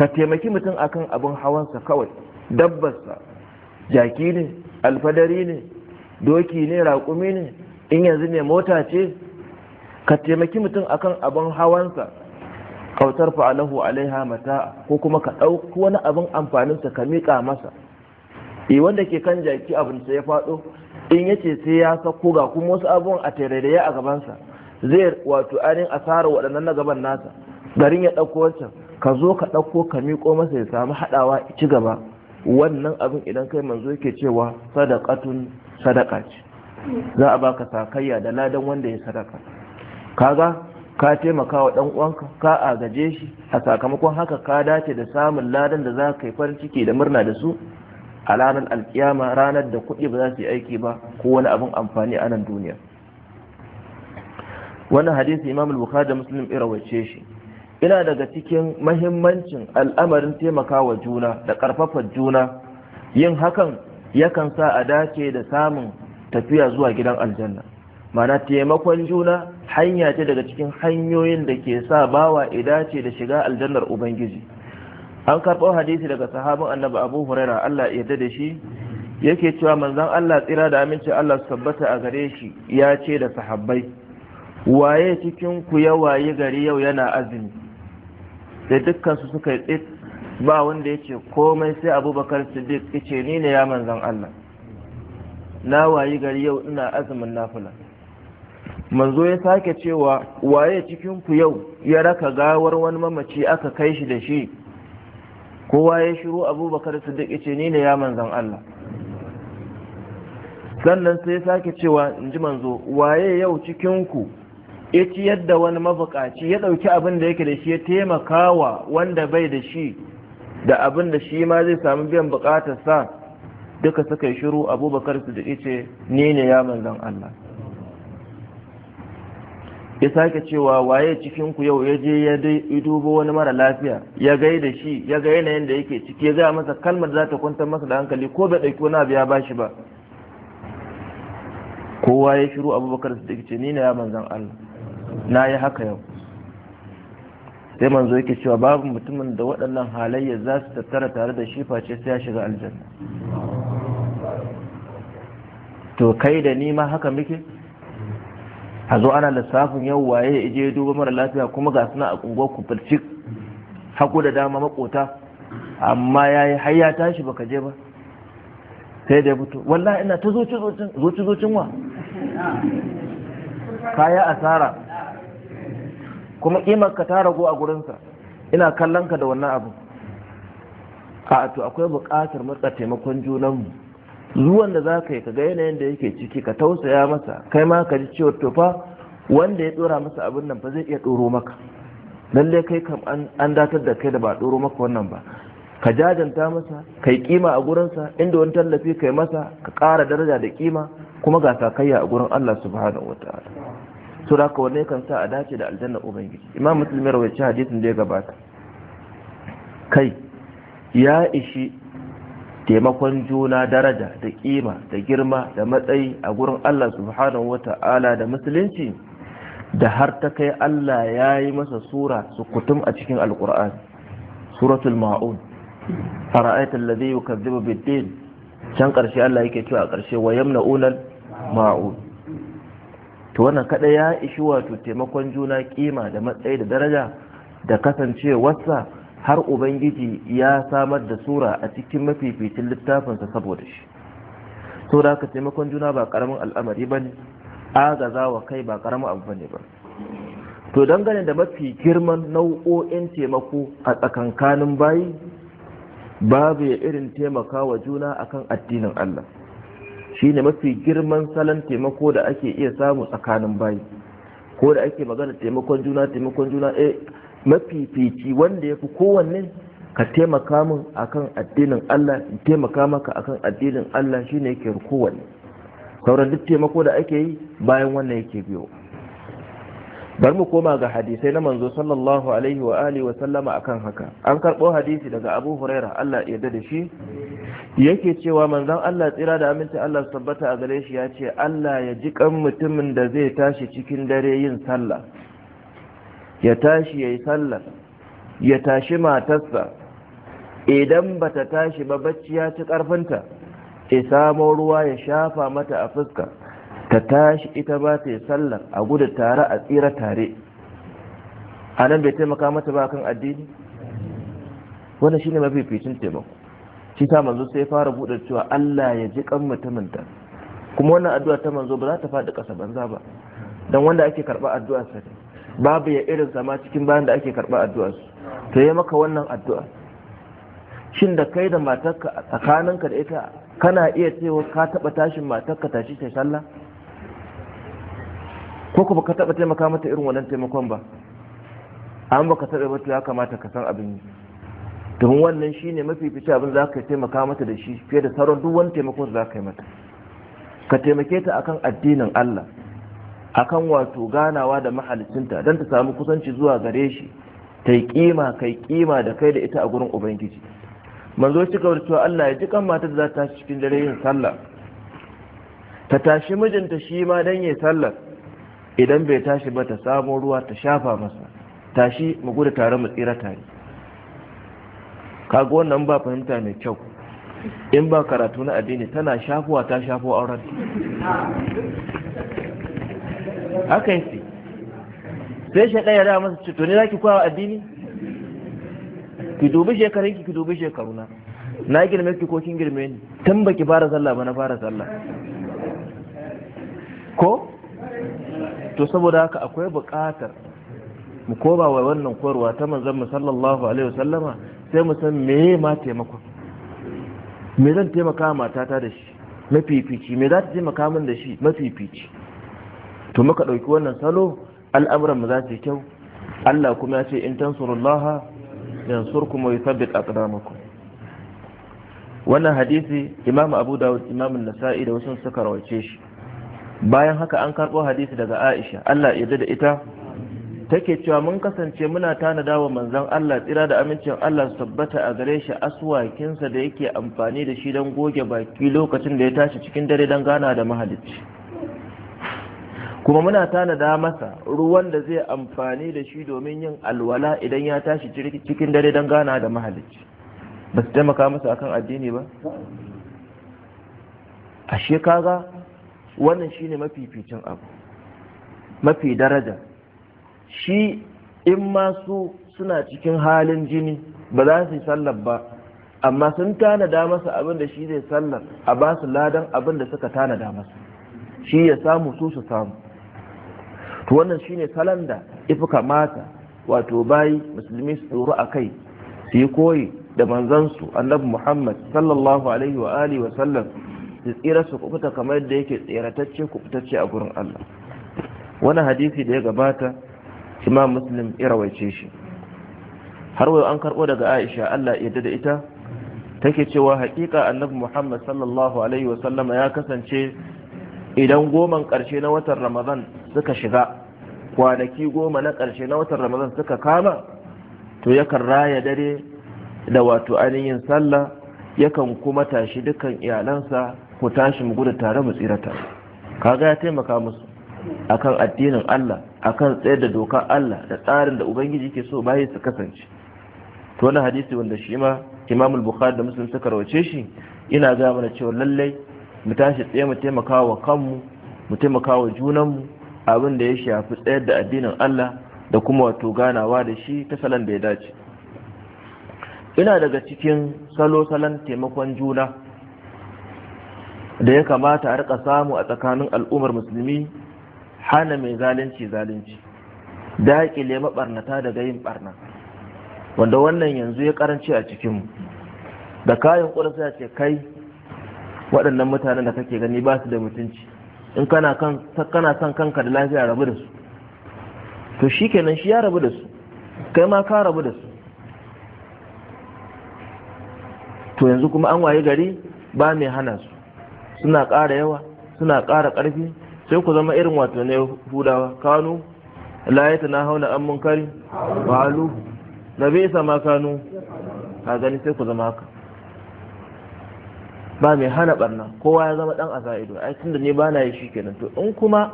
ka taimaki mutum akan abin hawansa kawai dabbarsa jaki ne alfadari ne doki ne raƙumi ne in yanzu ne mota ce ka taimaki mutum akan abin hawansa kautar fa'alahu alaiha mata ko kuma ka ɗauki wani abin amfaninsa ka mika masa e wanda ke kan jaki abin sai ya faɗo in yace sai ya sako ga kuma wasu abubuwan a ya a gabansa zai wato ainihin asarar waɗannan na gaban nasa garin ya ɗauko wancan ka zo ka ɗauko ka miƙo masa ya samu haɗawa ci gaba wannan abin idan kai manzo yake cewa sadakatun sadaka ce za a baka sakayya da ladan wanda ya sadaka kaga ka taimaka wa ɗan uwanka ka agaje shi a sakamakon haka ka dace da samun ladan da za ka yi farin ciki da murna da su a ranar alkiyama ranar da kuɗi ba za su yi aiki ba ko wani abin amfani a nan duniya wani hadisi imam al-bukhari da muslim irawace shi ina daga cikin mahimmancin al'amarin taimakawa juna da ƙarfafa juna yin hakan yakan sa a dace da samun tafiya zuwa gidan aljanna mana taimakon juna hanya ce daga cikin hanyoyin da ke sa bawa idace da shiga aljannar ubangiji an karɓo hadisi daga sahabin annabi abu huraira allah ya da shi yake cewa manzan allah tsira da aminci allah su tabbata a gare shi ya ce da sahabbai waye cikin ku ya waye gari yau yana azumi sai dukkan su suka yi ba wanda ya ce komai sai abubakar siddiq ce ni ne ya manzan allah na wayi gari yau ina azumin nafila manzo ya sake cewa waye cikin ku yau ya raka gawar wani mamaci aka kai shi da shi kowa ya shiru abubakar siddiq ce ni ne ya manzan allah sannan sai ya sake cewa in ji manzo waye yau cikin ku ya ciyar da wani mabukaci ya ɗauki abin da yake da shi ya taimakawa wanda bai da shi da abin da shi ma zai sami biyan bukatarsa duka suka yi shiru abubakar su da ce ni ne ya manzan Allah ya sake cewa waye cikinku yau ya je ya dubo wani mara lafiya ya gai da shi ya ga yanayin da yake ciki ya gaya masa kalmar za ta kwantar masa da hankali ko bai ɗauki wani abu ya bashi ba kowa ya shiru abubakar su da ce ni ne ya manzan Allah na yi haka yau sai manzo yake cewa babu mutumin da waɗannan halayya za su tattara tare da shi face sai ya shiga aljanna to kai da ni ma haka muke a zo ana lissafin yau waye ya je duba mara lafiya kuma ga suna a kungo ku farci da dama makota amma ya yi hayya tashi baka je ba sai da ya fito wallahi ina ta zoci zocin wa kaya asara kuma kimar ka ta ragu a gurinsa ina kallon ka da wannan abu a to akwai buƙatar matsa taimakon junanmu zuwan da za ka yi ka ga yanayin da yake ciki ka tausaya masa kai ma ka ji cewa to fa wanda ya dora masa abin nan fa zai iya doro maka lalle kai kam an datar da kai da ba doro maka wannan ba ka jajanta masa ka yi kima a gurinsa inda wani tallafi kai masa ka ƙara daraja da kima kuma ga sakayya a gurin Allah subhanahu wataala sura ka wannan kan sa a dace da aljanna ubangiji imam Musulmi, ya hadisin da ya gabata kai ya ishi taimakon juna daraja da kima da girma da matsayi a gurin Allah subhanahu wata'ala da musulunci da har ta kai Allah ya yi masa sura su kutum a cikin alkur'an suratul ma'un fara'aitar da zai yi biddin can ƙarshe Allah yake cewa a ƙarshe wa yamna ma'un to wannan kada ya ishi wato taimakon juna kima da matsayi da daraja da kasancewarsa har ubangiji ya samar da sura a cikin mafificin littafinsa saboda shi so da haka taimakon juna ba karamin al'amari ba ne agaza wa kai ba karamin abu ne ba to dangane da mafi girman nau'o'in taimako a tsakankanin bayi babu ya irin taimaka wa juna akan addinin Allah Shi ne mafi girman salon taimako da ake iya samu tsakanin bayi ko da ake magana taimakon juna taimakon juna eh mafifici wanda ya fi kowanne ka taimaka min akan addinin Allah in taimaka maka akan addinin Allah shine yake rukowanne sauran duk taimako da ake yi bayan wannan yake biyo bar mu koma ga hadisai na manzo sallallahu alaihi wa alihi wa sallama akan haka an karbo hadisi daga Abu Huraira Allah ya yarda da shi yake cewa manzon Allah tsira da aminci Allah tabbata a gare shi ya ce Allah ya ji kan mutumin da zai tashi cikin dare yin sallah ya tashi yayi sallah ya tashi matarsa idan bata tashi ba bacci ya ci karfinta ya samo ruwa ya shafa mata a fuska ta tashi ita ba ta yi sallar a gudu tare a tsira tare a nan bai taimaka mata ba kan addini ne shine mafificin taimako shi ta manzo sai fara buɗe cewa Allah ya ji kan mutuminta" kuma wannan addu'a ta manzo ba za ta faɗi ƙasa banza ba Don wanda ake karɓa addu'a sa babu ya irin sama cikin bayan da ake karɓa addu'a su to yi maka wannan addu'a shin da kai da matarka tsakaninka da ita kana iya cewa ka taɓa tashin matarka tashi ta sallah ko kuma ka taɓa taimaka mata irin wannan taimakon ba an ba ka taɓa mata ya kamata ka san abin yi domin wannan shi ne mafi fice abin za ka taimaka mata da shi fiye da sauran duk wani taimako za ka yi mata ka taimake ta akan addinin Allah akan wato ganawa da mahalicinta don ta samu kusanci zuwa gare shi ta yi kima kai kima da kai da ita a gurin ubangiji manzo shi gaba cewa Allah ya ji kan matar da za ta tashi cikin dare yin sallah ta tashi mijinta shi ma dan yi sallah idan bai tashi ba ta samu ruwa ta shafa masa tashi mu gudu tare mu tsira tare kaga wannan ba fahimta mai kyau in ba karatu na addini tana shafuwa ta shafo auren haka yi sai shi ɗaya da masa cuto ne za ki kwawa addini ki dubi shekarun ki dubi shekaruna na girme ki ko kin girme ni tun baki fara sallah ba na fara sallah ko to saboda haka akwai buƙatar mu koma wa wannan koyarwa ta manzon mu sallallahu alaihi wasallama sai mu san meye ma taimakon me zan taimaka matata da shi mafifici me za ta taimaka min da shi mafifici to muka ɗauki wannan salo al'amuran mu za su yi kyau Allah kuma ya ce in tansurullaha yansurkum wa yuthabbit aqdamakum wannan hadisi Imam Abu Dawud imamu Nasa'i da wasu suka rawace shi bayan haka an karɓo hadisi daga aisha allah yarda da ita take cewa mun kasance muna tanada wa manzon allah tsira da amincin allah su tabbata a gare shi aswakinsa da yake amfani da shi don goge baki lokacin da ya tashi cikin dare don gana da mahalicci kuma muna tanada masa ruwan da zai amfani da shi domin yin alwala idan ya tashi cikin dare don gana da mahalicci ba su taimaka masa akan addini ba ashe kaga wannan shine mafificin abu mafi daraja shi in masu suna cikin halin jini ba za su yi sallar ba amma sun tanada masa abin da shi zai sallar a ba su ladan abin da suka tanada masa shi ya samu su su samu to wannan shine salon da ifi kamata wato bayi musulmi su tsoro a kai su yi koyi da manzansu annabi muhammad sallallahu alaihi wa alihi wa sallam da tsira su kubuta kamar da yake tsiratacce kubutacce a gurin Allah wani hadisi da ya gabata imam muslim ya rawaice shi har wayo an karɓo daga aisha Allah ya da ita take cewa haƙiƙa annabi muhammad sallallahu alaihi wasallama ya kasance idan goman ƙarshe na watan ramadan suka shiga kwanaki goma na karshe na watan ramadan suka kama to yakan raya dare da wato ainihin sallah yakan kuma tashi dukan iyalansa ku tashi mu gudu tare mu tsirata kaga ya taimaka musu akan addinin Allah akan tsayar da dokar Allah da tsarin da ubangiji ke so bayi su kasance to wani hadisi wanda shi ma Imam Bukhari da Muslim suka rawace shi ina ga mana cewa lallai mu tashi tsaye mu taimaka wa kanmu mu taimaka wa mu abin da ya shafi tsayar da addinin Allah da kuma wato ganawa da shi ta salon da ya dace ina daga cikin salo salon taimakon juna da ya kamata a rika samu a tsakanin al'ummar musulmi hana mai zalunci zalunci daƙile maɓarnata daga yin ɓarna wanda wannan yanzu ya karanci a cikinmu da kayan ƙwararsa sai ce kai waɗannan mutanen da kake gani ba su da mutunci in kana son kanka da lafiya rabu da su to shi kenan shi ya rabu da su kai ma ka rabu da su to yanzu kuma an waye gari ba mai hana su suna ƙara yawa suna ƙara ƙarfi sai ku zama irin wato ne hudawa kanu layata na hauna an kari ba'alu na bai sama kanu ka gani sai ku zama haka ba mai hana barna kowa ya zama dan asa'ido ai tunda ne bana yi shi kenan to in kuma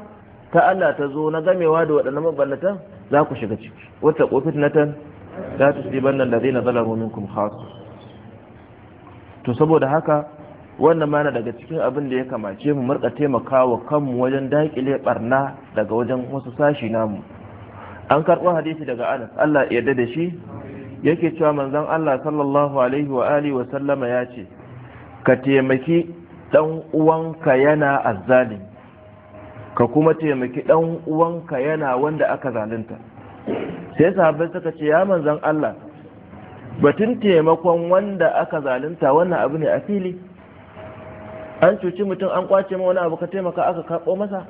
ta Allah ta zo na gamewa da waɗannan maballatan za ku shiga ciki wata kofit na tan za ta shi bannan da zai na zalamu minkum khasu to saboda haka wannan ma daga cikin abin da ya kamace mu murka taimakawa kanmu wajen dakile barna daga wajen wasu sashi namu an karɓo hadisi daga anas Allah ya yarda da shi yake cewa manzon Allah sallallahu alaihi wa alihi wa sallama ya ce ka taimaki dan uwanka yana azzalimi ka kuma taimaki dan uwanka yana wanda aka zalunta sai sahabbai suka ce ya manzon Allah batun taimakon wanda aka zalunta wannan abu ne a fili an cuci mutum an kwace ma wani abu ka taimaka aka kabo masa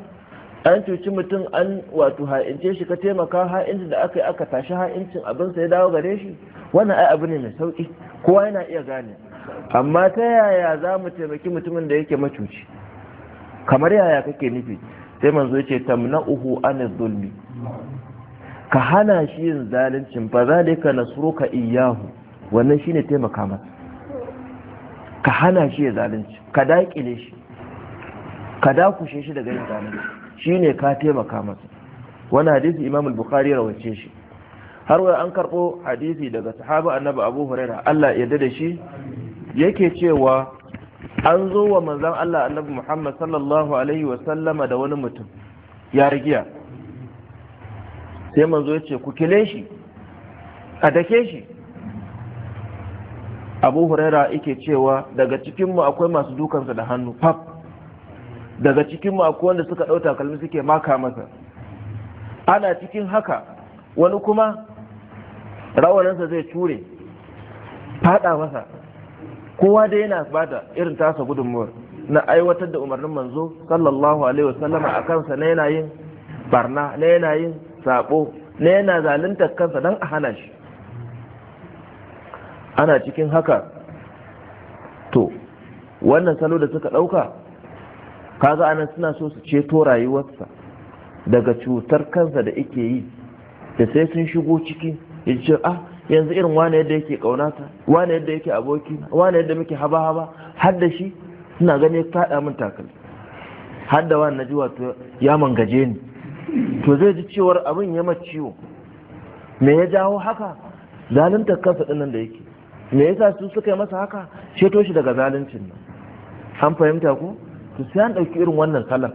an cuci mutum an wato ha'ince shi ka taimaka ha'incin da aka yi aka tashi ha'incin abin sai dawo gare shi wannan ai abu ne mai sauki kowa yana iya gane amma ta yaya za mu taimaki mutumin da yake macuci kamar yaya kake nufi sai manzo ya ce uhu ana zulmi ka hana shi yin zalincin ka zalika ka iyyahu wannan shine taimaka masa ka hana shi ya zalunci ka daƙile shi ka dakushe shi daga yin zalunci ne ka taimaka masa wani hadisi imam al-bukhari rawace shi har wai an karɓo hadisi daga sahaba annabi abu huraira Allah ya da shi yake cewa an zo wa manzon Allah annabi Muhammad sallallahu alaihi wa sallama da wani mutum ya rigiya sai manzo ya ce ku kile shi a dake shi abu huraira yake cewa daga cikinmu akwai masu dukansa da hannu faf daga cikinmu akwai wanda suka ɗau kalmi suke maka masa ana cikin haka wani kuma rawaninsa zai cure fada masa kowa dai yana bada irin tasa gudunmuwar na aiwatar da umarnin manzo sallallahu alaihi wasallama a kansa na yana yin barna na yana yin sabo na yana zalunta kansa don a hana shi ana cikin haka to wannan salo da suka ɗauka kaga anan suna so su ceto rayuwarsa daga cutar kansa da ike yi da sai sun shigo ciki ya ce ah yanzu irin wane yadda yake ƙaunata wane yadda yake aboki wane yadda muke haba-haba har da shi suna gani faɗa min takalmi har da wani naji wato ya mangaje ni to zai ji cewar abin ya ciwo me ya jawo haka zalunta kansa ɗinnan da yake me yasa su suka yi masa haka ceto shi daga zaluncin nan an fahimta ko to sai an ɗauki irin wannan salon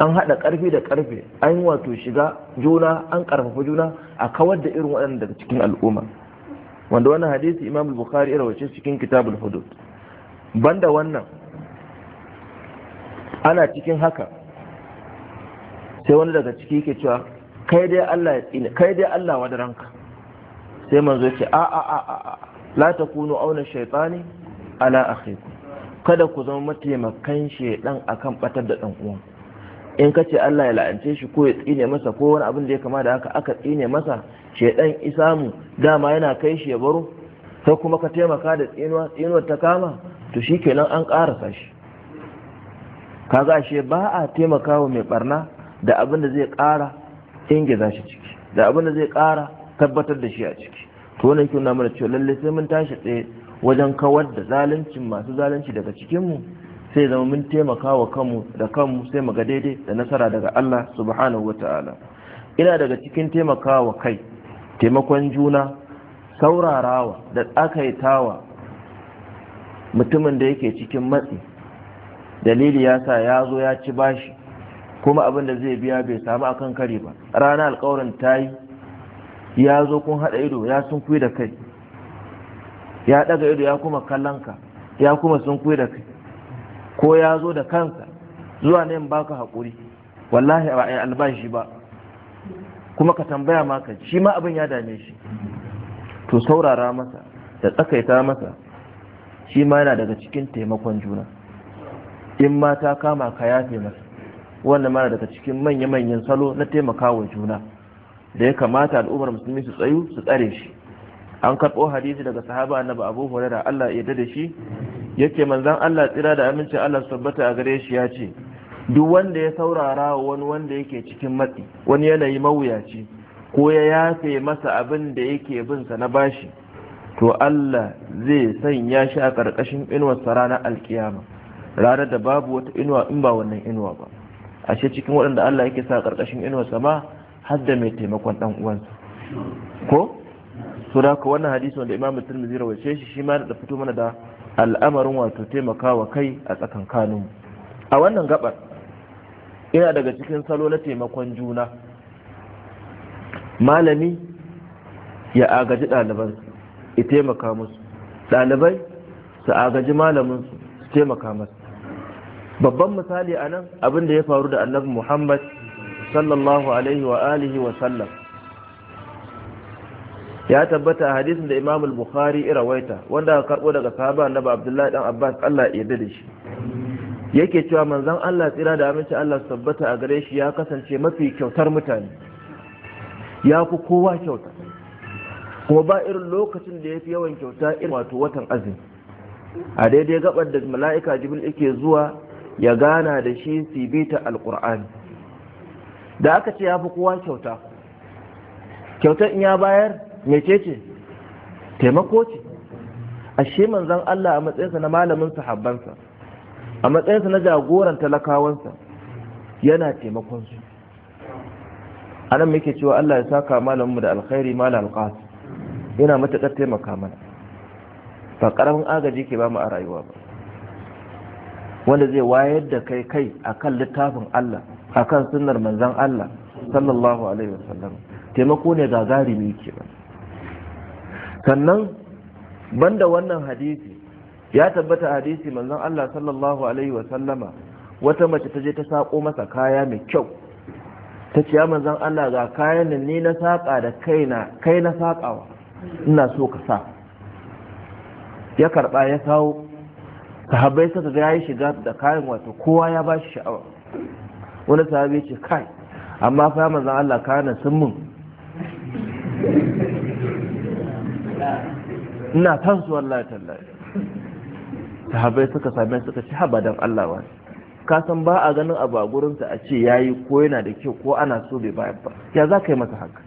an haɗa ƙarfi da ƙarfe an wato shiga juna an ƙarfafa juna a kawar da irin waɗannan daga cikin al'umma wanda wannan hadisi imam bukhari ya rawace cikin kitabul hudud banda wannan ana cikin haka sai wani daga ciki yake cewa kai dai Allah ya tsine kai dai Allah wadaranka sai manzo ce a a a a la takunu auna shaytani ala akhikum kada ku zama mataimakan shaiɗan akan batar da dan uwan in ka ce Allah ya la'ance shi ko ya tsine masa ko wani abin da ya kama da haka aka tsine masa isa isamu dama yana kai shi ya baro sai kuma ka taimaka da tsinuwa tsinuwar ta kama to shi kenan an karasa shi kaga ashe ba a taimakawa mai barna da abin da zai kara ingiza shi ciki da abin da zai kara tabbatar da shi a ciki to wannan kyau mana cewa lalle sai mun tashi tsaye wajen kawar da zaluncin masu zalunci daga cikinmu sai zama mun taimaka wa kanmu da kanmu sai mu ga daidai da nasara daga Allah subhanahu wata'ala ina daga cikin taimaka wa kai taimakon juna saurarawa da tsakaitawa mutumin da yake cikin matsi dalili ya sa ya zo ya ci bashi kuma abin da zai biya bai samu akan kari ba rana alkawarin ta yi ya zo kun haɗa ido ya sun kuyi da kai ya ɗaga ido ya kuma kallonka ya kuma sun kuyi da kai ko ya zo da kansa zuwa ne baka haƙuri wallahi ba a albashi ba kuma ka tambaya maka shi ma abin ya dame shi to saurara masa da tsakaita masa shi ma yana daga cikin taimakon juna in ma ta kama ka yafe masa wannan mana daga cikin manya-manyan salo na taimakawa juna da ya kamata al'ummar musulmi su tsayu su tsare shi an karɓo hadisi daga sahaba annabi abu hurairah Allah ya da shi yake manzon Allah tsira da amincin Allah su tabbata a gare shi ya ce duk wanda ya saurara wani wanda yake cikin matsi wani yanayi mawuyaci ko ya yafe masa abin da yake bin sa na bashi to Allah zai sanya shi a ƙarƙashin sa ranar alkiyama ranar da babu wata inuwa in ba wannan inuwa ba ashe cikin waɗanda Allah yake sa ƙarƙashin inuwarsa ma har da mai taimakon dan uwansa ko so da haka wannan hadisi wanda imamu tirmidhi rawaice shi shi ma da fito mana da al'amarin wato taimakawa kai a tsakankanin a wannan gabar ina daga cikin salo na taimakon juna malami ya agaji ɗaliban ya taimaka musu ɗalibai su agaji malamin su taimaka musu. babban misali a nan abin da ya faru da annabi muhammad sallallahu alaihi wa alihi wa sallam ya tabbata a hadisin da imam al-bukhari irawaita wanda aka karbo daga sahaba annabi abdullahi dan abbas Allah ya da shi yake cewa manzon Allah tsira da aminci Allah su tabbata a gare shi ya kasance mafi kyautar mutane ya fi kowa kyauta kuma ba irin lokacin da yafi yawan kyauta irin wato watan azumi a daidai gabar da mala'ika jibril yake zuwa ya gana da shi sibita alqur'ani da aka ce ya fi kowa kyauta kyautar in ya bayar mecece ce taimako ce ashe manzan Allah a matsayinsa na malamin sahabbansa a matsayinsa na jagoran talakawansa yana taimakon su anan muke cewa Allah ya saka malaminmu da alkhairi malam alqas yana matakar taimaka mana ba karamin agaji ke ba mu a rayuwa ba wanda zai wayar da kai kai a kan littafin Allah akan sunnar manzon Allah sallallahu alaihi wasallam taimako ne gagarumi ba. sannan banda wannan hadisi ya tabbata hadisi manzon Allah sallallahu alaihi wasallama wata mace ta je ta sako masa kaya mai kyau ta ce ya manzon Allah ga kayan ne ni na saka da kaina kai na sakawa ina so ka sa ya karba ya kawo sahabbai suka ga yayi shiga da kayan wato kowa ya ba shi sha'awa wani sahabi ce kai amma fa manzon Allah kana sun mun ina san su wallahi tallahi sahabai suka same suka ci haba dan Allah wani ka san ba a ganin abu a gurinsa a ce yayi ko yana da kyau ko ana so bai bayar ba ya za ka yi masa haka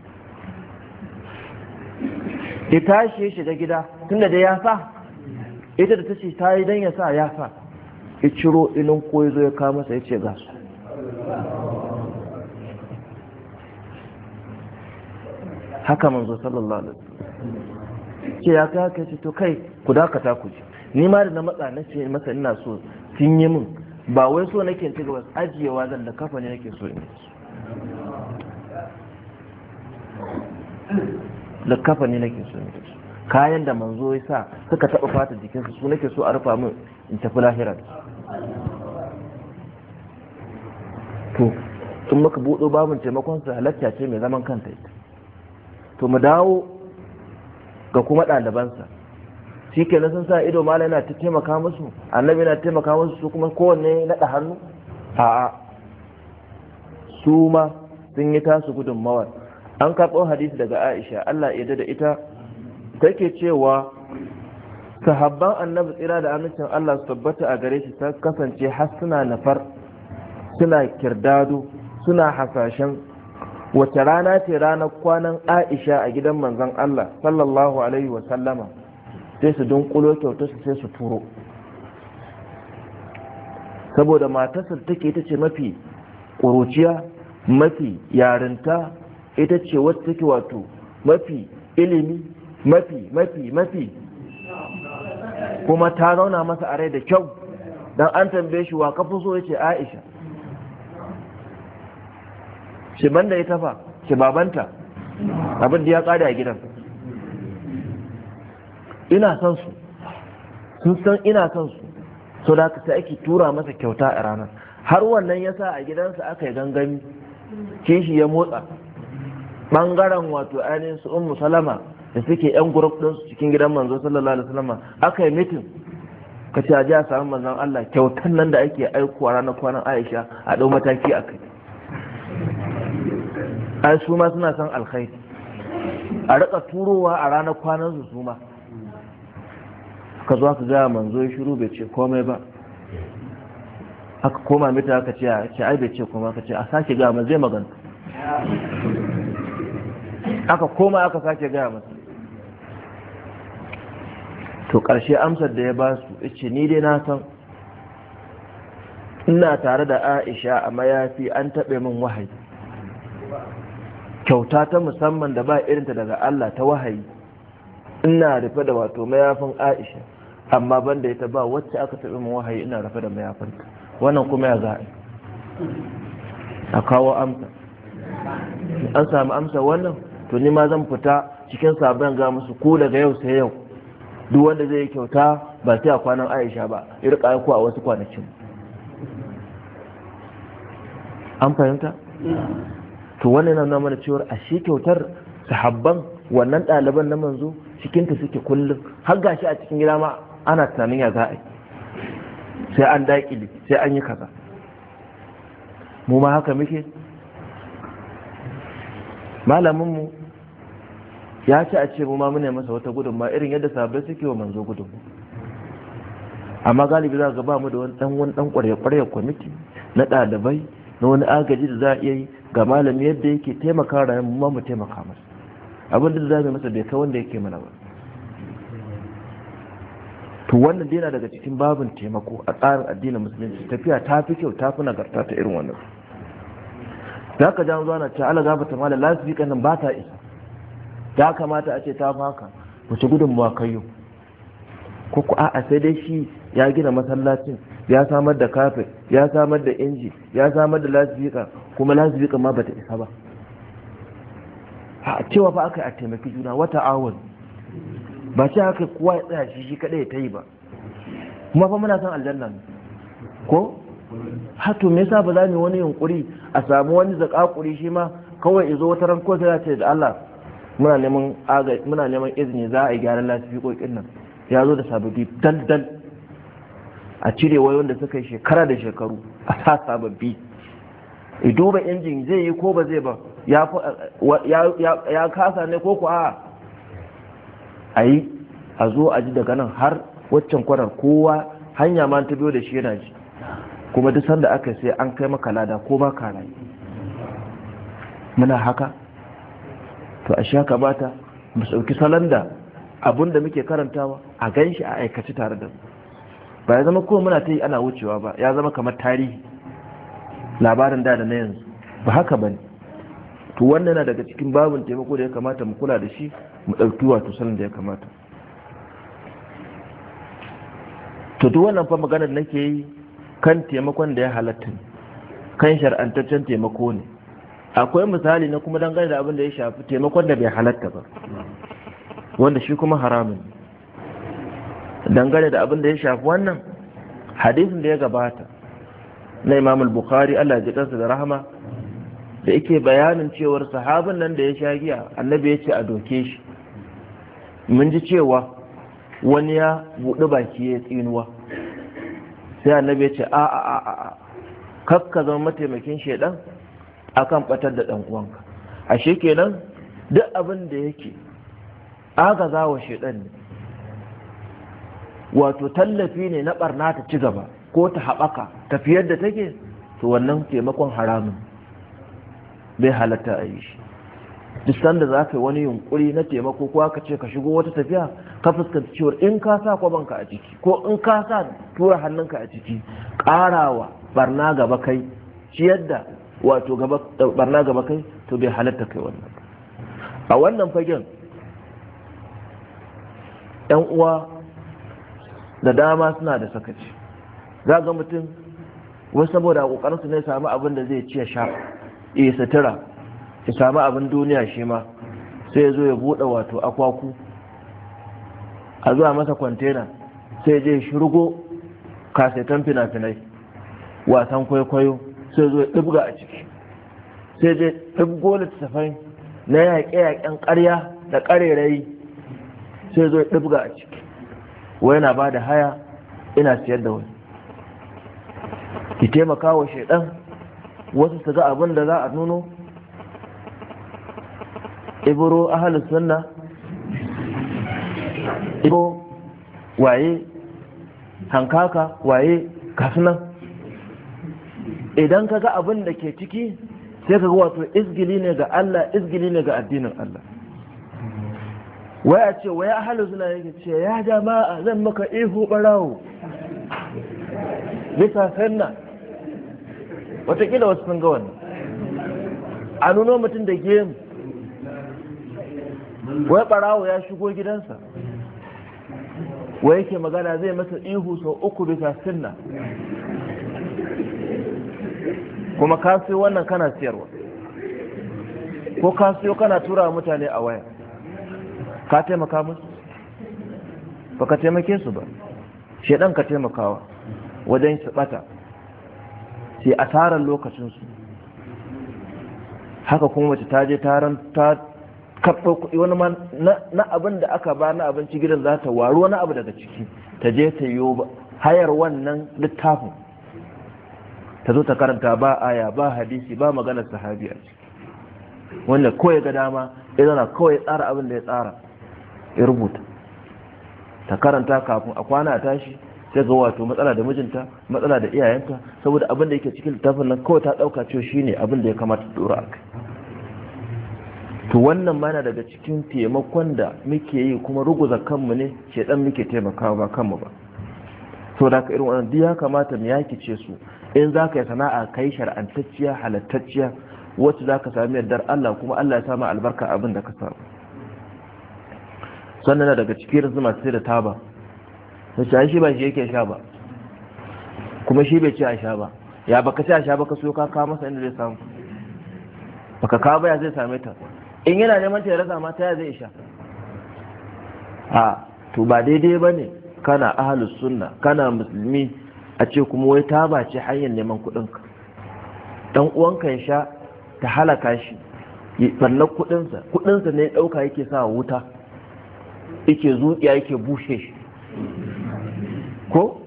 ki tashi shiga gida tunda da ya sa ita da ta ce ta yi don ya sa ya sa ya ciro inin ko ya zo ya kawo masa ya ce ga su haka manzo sallallahu alaihi wasallam ce ya ka kai to kai ku dakata ku ji ni ma da na matsa na ce masa ina so sun yi min ba wai so nake in ci gaba ajiyewa zan da kafa ne nake so in da kafa ne nake so in kayan da manzo ya sa suka taɓa fata jikinsu su nake so a rufa min in tafi lahira to in maka buɗo babin taimakon su halatta ce mai zaman kanta to mu dawo ga kuma ɗalibansa shi ke sun sa ido ma yana ta taimaka musu annabi yana taimaka musu su kuma kowanne naɗa hannu a'a su ma sun yi tasu gudunmawar an karɓo hadisi daga aisha allah ya da ita take cewa sahabban annabi tsira da amincin allah su tabbata a gare shi ta kasance har suna nafar suna kirdado suna hasashen wace rana ce ranar kwanan aisha a gidan manzan Allah sallallahu alaihi wa sallama sai su dunkulo kyauta su sai su turo saboda matarsa take ita ce mafi ƙuruciya mafi yarinta ita ce wacce take wato mafi ilimi mafi mafi mafi kuma ta zauna masa a rai da kyau don an tambaye shi wa kafin so ya ce Aisha ce da ya tafa ce abin da ya tsada a gidan ina son su sun san ina son su so da aka ake tura masa kyauta a ranar har wannan yasa a gidansa aka yi gangami kishi ya motsa bangaren wato ainihin su ummu salama da suke yan gurup din su cikin gidan manzo sallallahu alaihi wasallam aka yi mitin ka ce a ji a samu manzon Allah kyautan nan da ake aikowa ranar kwanan Aisha a dau mataki a kai ai su ma suna son alkhairi a rika turowa a ranar kwanan su su ma ka zuwa ka gaya manzo ya shiru bai ce komai ba aka koma mita aka ce ce ai bai ce komai aka ce a sake gaya ma zai magana aka koma aka sake gaya masa to ƙarshe amsar da ya ba su ce ni dai na san ina tare da aisha a mayafi an taɓe min wahayi kyauta ta musamman da ba irinta daga Allah ta wahayi ina rufe da wato mayafin Aisha amma banda ita ba wacce aka taɓa min wahayi ina rufe da mayafinta wannan kuma ya za'a a kawo amsa an samu amsa wannan to ni ma zan fita cikin sabon ga musu ko daga yau sai yau duk wanda zai yi kyauta ba sai a kwanan aisha ba ya rika ko a wasu kwanakin an fahimta to wannan na mana cewar a shi kyautar sahabban wannan ɗaliban na manzo cikinta suke kullum har gashi a cikin gida ma ana tunanin ya za a yi sai an daƙile sai an yi kaza mu ma haka muke malaminmu ya ce a ce mu ma muna masa wata gudunma irin yadda sabai suke wa manzo gudunmu amma galibi za ga ba mu da wani dan wani dan kwarya kwarya kwamiti na ɗalibai na wani agaji da za a iya yi ga malami yadda yake taimaka rayan mu mu taimaka masa abin da za mu masa bai kai wanda yake mana ba to wannan dai yana daga cikin babin taimako a tsarin addinin musulunci tafiya ta fi kyau ta fi nagarta ta irin wannan za ka ja zuwa na ce ala gaba ta mala ba ta isa ya kamata a ce ta fi haka wace gudunmawa kayo ko ku a'a sai dai shi ya gina masallacin ya samar da kafin ya samar da inji ya samar da lasifika kuma lasifika ma bata isa ba a cewa ba aka yi a taimaki juna wata awon ba shi haka kowa ya tsaya shi shi kadai ta yi ba kuma fa muna son aljanna ne ko hatu me yasa ba za mu wani yunkuri a samu wani zakakuri shi ma kawai izo wata ran ko sai ce da Allah muna neman muna neman izini za a yi gyaran lasifikokin nan ya zo da sababi dal dal a cire wayo da suka yi shekara da shekaru a sa sababbi i duba injin zai yi ko ba zai ba ya kasa ne ko kuwa a yi a zo a ji daga nan har waccan kwarar kowa hanya ma ta biyo da shi yana ji kuma duk sanda aka sai an kai maka lada ko ba ka rayu muna haka to a sha kamata mu sauki salon da muke karantawa a gan shi a aikaci tare da mu ba ya zama kuma muna ta yi ana wucewa ba ya zama kamar tarihi labarin da da na yanzu ba haka ba ne to wannan na daga cikin babin taimako da ya kamata mu kula da shi mu ɗauki wato sanin da ya kamata to duk wannan fa maganar nake yi kan taimakon da ya halatta kan shar'antaccen taimako ne akwai misali na kuma dangane da abin da ya shafi taimakon da bai halatta ba wanda shi kuma haramun ne dangane da abin da ya shafi wannan hadisin da ya gabata na imam al-bukhari Allah ya kansa da rahama da yake bayanin cewar sahabin nan da ya sha giya annabi ya ce a doke shi mun ji cewa wani ya buɗi baki ya tsinuwa sai annabi ya ce a a a a zama mataimakin shaidan akan batar da dan uwanka ashe kenan duk abin da yake agazawa zawo shaidan ne wato tallafi ne na barna ta ci gaba ko ta haɓaka tafiyar da take to wannan taimakon haramun bai halatta a yi shi duk sanda za ka yi wani yunkuri na taimako ko aka ce ka shigo wata tafiya ka fuskanci cewar in ka sa kwabanka a ciki ko in ka sa tura hannunka a ciki ƙarawa barna gaba kai ciyar da wato barna gaba kai to bai halatta kai wannan a wannan fagen yan uwa da dama suna da sakaci za ga mutum wasu saboda kokarinsu ne samu abin da zai ciye sha ya sutura ya samu abin duniya shi ma sai ya zo ya buɗe wato akwaku a zuwa masa kwantena sai ya je shirgo kasetan fina-finai wasan kwaikwayo sai zo ya ɗibga a ciki sai je ɗibgo littattafai na yaƙe-yaƙen ƙarya da ƙarerayi sai zo ya ɗibga a ciki wai yana ba da haya ina siyar da wani ki taimaka wa shaidan wasu su ga abin da za a nuno ibro ahalus sunna ibro waye hankaka waye kasunan idan ka ga abin da ke ciki sai ka ga wato izgili ne ga Allah izgili ne ga addinin Allah waya ce waya ahalu suna yake ce ya jama'a zan maka ihu barawo bisa sanna watakila wasu sun ga wani. a nuno mutum da gemu wai barawo ya shigo gidansa waya ke magana zai masa ihu sau uku bisa sanna kuma ka siyo wannan kana siyarwa ko ka siyo kana tura mutane a waya ka taimaka musu ba ka taimake su ba shaidan ka taimakawa wajen su bata sai asarar lokacinsu haka kuma wace ta je taron ta karɓar kuɗi wani ma na abin da aka ba na abinci gidan za ta waru wani abu daga ciki ta je ta yi hayar wannan littafin ta zo ta karanta ba aya ba hadisi ba maganar sahabi a ciki wanda kawai ga dama ya zana kawai tsara abin da ya tsara ya rubuta ta karanta kafin a kwana a tashi sai ga wato matsala da mijinta matsala da iyayenta saboda abin da yake cikin littafin nan kawai ta ɗauka cewa shine abin da ya kamata ta dora akai to wannan mana daga cikin taimakon da muke yi kuma ruguza kanmu ne dan muke taimakawa ba kanmu ba to da ka irin wannan duk ya kamata mu yakice su in za ka yi sana'a ka yi shar'antacciya halattacciya wacce za ka sami yardar Allah kuma Allah ya samu albarka abin da ka samu sannan na daga cikin su masu sai da taba na shi shi ba shi yake sha ba kuma shi bai ce a sha ba ya baka ce a sha baka so ka kawo masa inda zai samu baka kawo baya ya zai same ta in yana neman ta ya rasa ma ta ya zai sha a to ba daidai ba ne kana ahalus sunna kana musulmi a ce kuma wai taba ce hanyar neman kuɗinka dan ka ya sha ta halaka shi barnar kuɗinsa kuɗinsa ne ɗauka yake sa wuta yake zuciya yake bushe shi ko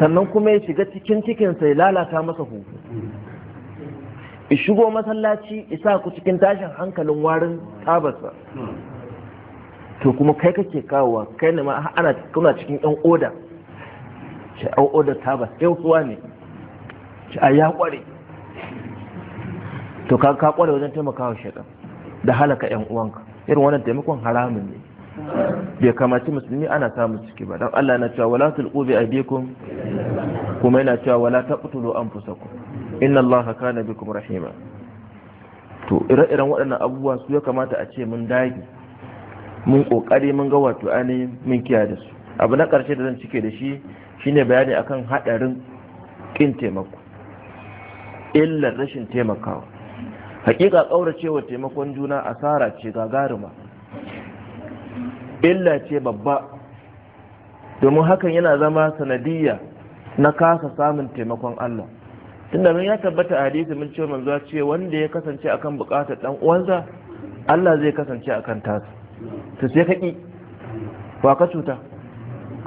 sannan kuma ya shiga cikin cikinsa ya lalata masa huhu shigo masallaci isa ku cikin tashin hankalin warin tabarsa to kuma kai kake kawowa kai ne ma ana kuna cikin yan oda ce an oda tabas yau suwa ne ce a ya kware to ka ka kware wajen taimakawa shaidan da halaka yan uwanka irin wannan taimakon haramun ne bai kamaci musulmi ana samun ciki ba don Allah na cewa wala tulqu bi aydikum kuma yana cewa wala taqtulu anfusakum inna Allah kana bikum rahima to ire-iren waɗannan abubuwa su ya kamata a ce mun dage mun kokari mun ga wato ani mun kiyaye da su abu na ƙarshe da zan cike da shi shine bayani akan haɗarin ƙin taimako illar rashin taimakawa hakika kauracewa taimakon juna asara ce gagaruma illa ce babba domin hakan yana zama sanadiyya na kasa samun taimakon Allah tunda mun ya tabbata a hadisi mun ce manzo ce wanda ya kasance akan bukatar dan uwansa Allah zai kasance akan tasa to sai ka wa ka cuta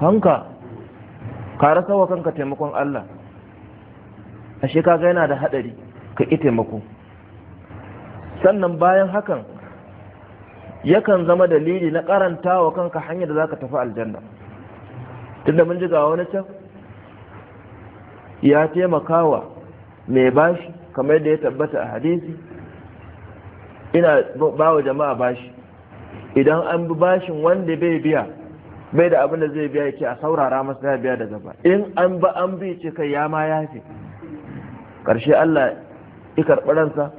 kanka ka rasa wa kanka taimakon Allah ashe kaga yana da hadari ka ki taimako sannan bayan hakan yakan zama dalili na karanta wa kanka hanyar da zaka tafi aljanna tunda mun ji ga wani can ya taimakawa mai bashi kamar da ya tabbata a hadisi ina ba wa jama'a bashi idan an bi bashin wanda bai biya bai da abin da zai biya yake a saurara masa ya biya da gaba in an ba an bi ce kai ya ma ya ce ƙarshe Allah ya karɓi ransa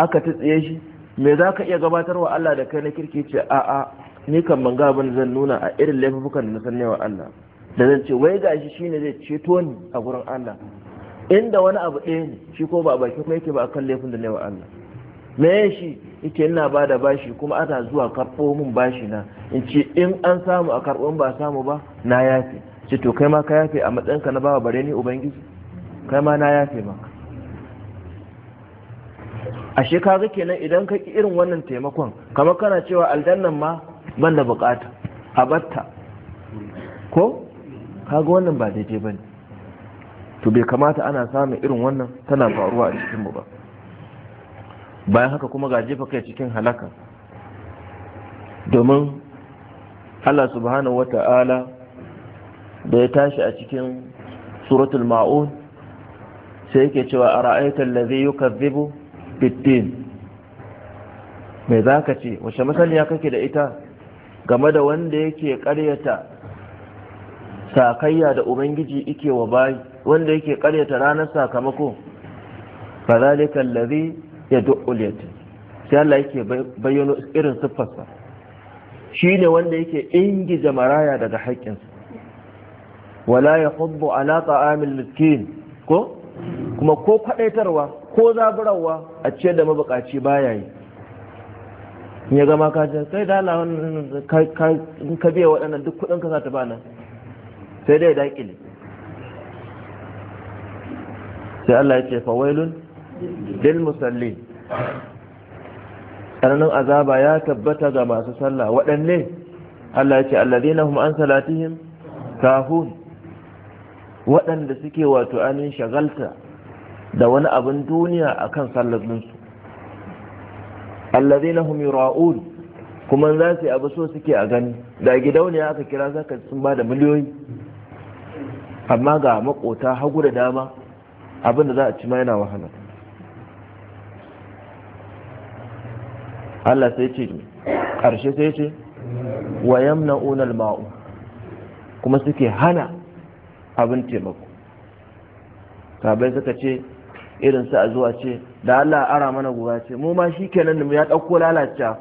aka tsiye shi me za ka iya gabatarwa Allah da kai na kirki ce a'a ni kan ban gaban zan nuna a irin laifukan da na san wa Allah da zan ce wai gashi shine zai ceto ni a gurin Allah inda wani abu ɗaya ne shi ko ba baki kuma yake ba akan laifin da ne wa Allah me shi yake ina ba da bashi kuma ana zuwa karɓo min bashi na in ce in an samu a karɓo ba samu ba na yafe ce to kai ma ka yafe a matsayinka na bawa bare ni ubangiji kai ma na yafe maka ashe kaga kenan idan ka ki irin wannan taimakon kamar kana cewa aljannan ma ban da bukata a batta ko kaga wannan ba daidai ba ne to bai kamata ana samun irin wannan tana faruwa a cikin ba bayan haka kuma ga jefa kai cikin halaka domin Allah subhanahu wa ta'ala da ya tashi a cikin suratul ma'un sai yake cewa a ra'aitar lazi yukazzibu 15 mai za ka ce wace masaniya kake da ita game da wanda yake karyata sakayya da ubangiji ike wa bayi wanda yake karyata ranar sakamako ba za ne kallari ya yatim sai Allah yake bayyano irin siffarsa shine wanda yake ingiza maraya daga haƙƙinsa wala ya yahuddu ala ta'amil miskin ko kuma ko kwaɗaitarwa ko zaburarwa a ciyar da mabukaci baya yi ya gama ka ce kai da ala in ka biya waɗannan duk kuɗin ka za ta bana sai dai ƙili sai Allah ya ce fawailun dil musalli. tsananin azaba ya tabbata ga masu sallah waɗanne Allah ya ce alladhina hum an salatihim kahun waɗanda suke wato anin shagalta da wani abin duniya akan sallar dinsu na hum ra'ul kuma za su abu so suke a gani da gidauniya aka kira zaka sun ba da miliyoyi amma ga makota hagu da dama abin da za a ci ma yana wahala Allah sai ce ƙarshe sai ce wa yamna'una mau kuma suke hana abin taimako sabai suka ce irin sa a zuwa ce da Allah ara mana guga ce mu ma shi kenan mu ya ɗauko lalacewa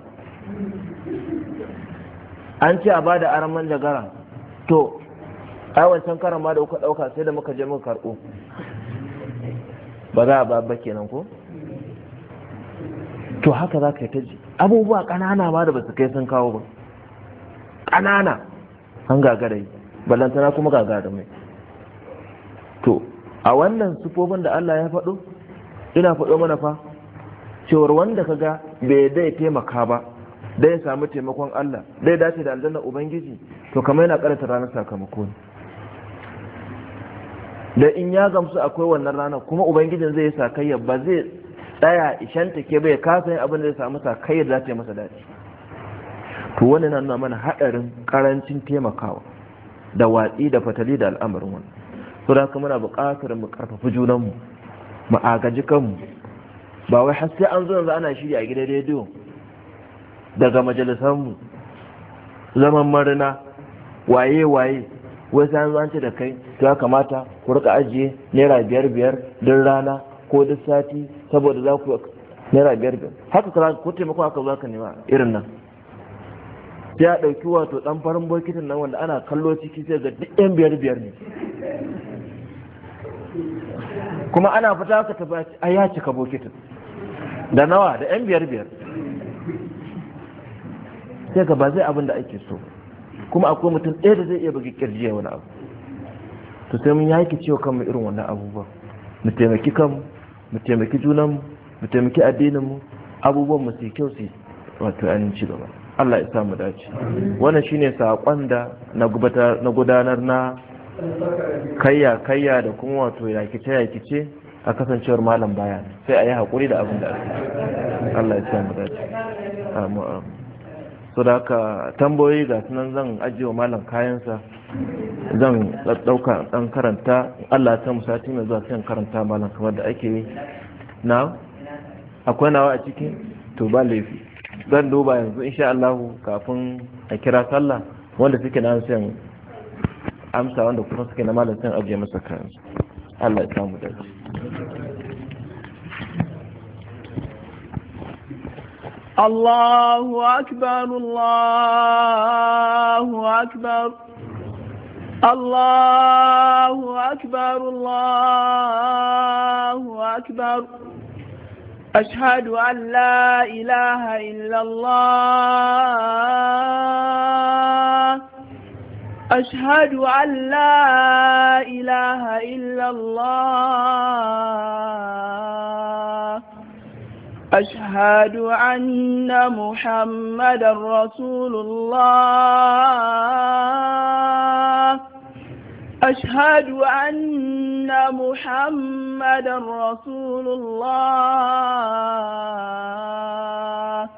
an ce a bada araman manjagara to ai wancan karan ma da kuka ɗauka sai da muka je muka karɓo ba za a ba ba kenan ko to haka za ka yi ta ji abubuwa ƙanana ma da ba su kai sun kawo ba ƙanana an gagara yi ballantana kuma gagara mai to a wannan sufofin da Allah ya faɗo ina faɗo mana fa cewar wanda ka ga bai dai taimaka ba dai samu taimakon Allah dai dace da aljanna ubangiji to kamar yana karanta ranar sakamako ne da in ya gamsu akwai wannan ranar kuma ubangijin zai sakayya ba zai tsaya ishantake take bai kasa yin abin da zai samu sakayyar za ta yi masa dace to wani na nuna mana haɗarin karancin taimakawa da watsi da fatali da al'amarin wani so da muna buƙatar mu ƙarfafi junanmu mu agaji kanmu ba wai sai an zo yanzu ana shirya a gidan rediyo daga majalisanmu zaman marina waye waye wai sai an zo an ce da kai to ya kamata ku rika ajiye naira biyar biyar duk rana ko duk sati saboda za ku naira biyar biyar haka ka ko taimakon haka za ka nema irin nan sai a ɗauki wato ɗan farin bokitin nan wanda ana kallo ciki sai ga duk yan biyar biyar ne kuma ana fita ka tafi a ya cika bokitin da nawa da yan biyar biyar sai ga ba zai abin da ake so kuma akwai mutum ɗaya da zai iya bugi kirji ya wani abu to sai mun yaki cewa kanmu irin wannan abubuwan mu taimaki kanmu mu taimaki junanmu mu taimaki addininmu abubuwan mu sai kyau sai. wato an ci gaba Allah ya samu dace wannan shine sakon da na gudanar na kayya kayya da kuma wato yakice yakice a kasancewar malam baya sai a yi haƙuri da abin da ake Allah ya ciyar da so da haka tambayoyi ga sunan zan ajiyewa malam kayansa zan ɗauka ɗan karanta Allah ta musati mai zuwa sai karanta malam kamar da ake yi na akwai nawa a ciki to ba laifi zan duba yanzu insha Allah kafin a kira sallah wanda suke na sayan amsa wanda kuma suke na malam sun ajiye masa kan Allah ya samu dace Allahu akbar Allahu akbar Allahu akbar Allahu akbar أشهد أن لا إله إلا الله أشهد أن لا إله إلا الله أشهد أن محمد رسول الله أشهد أن محمد رسول الله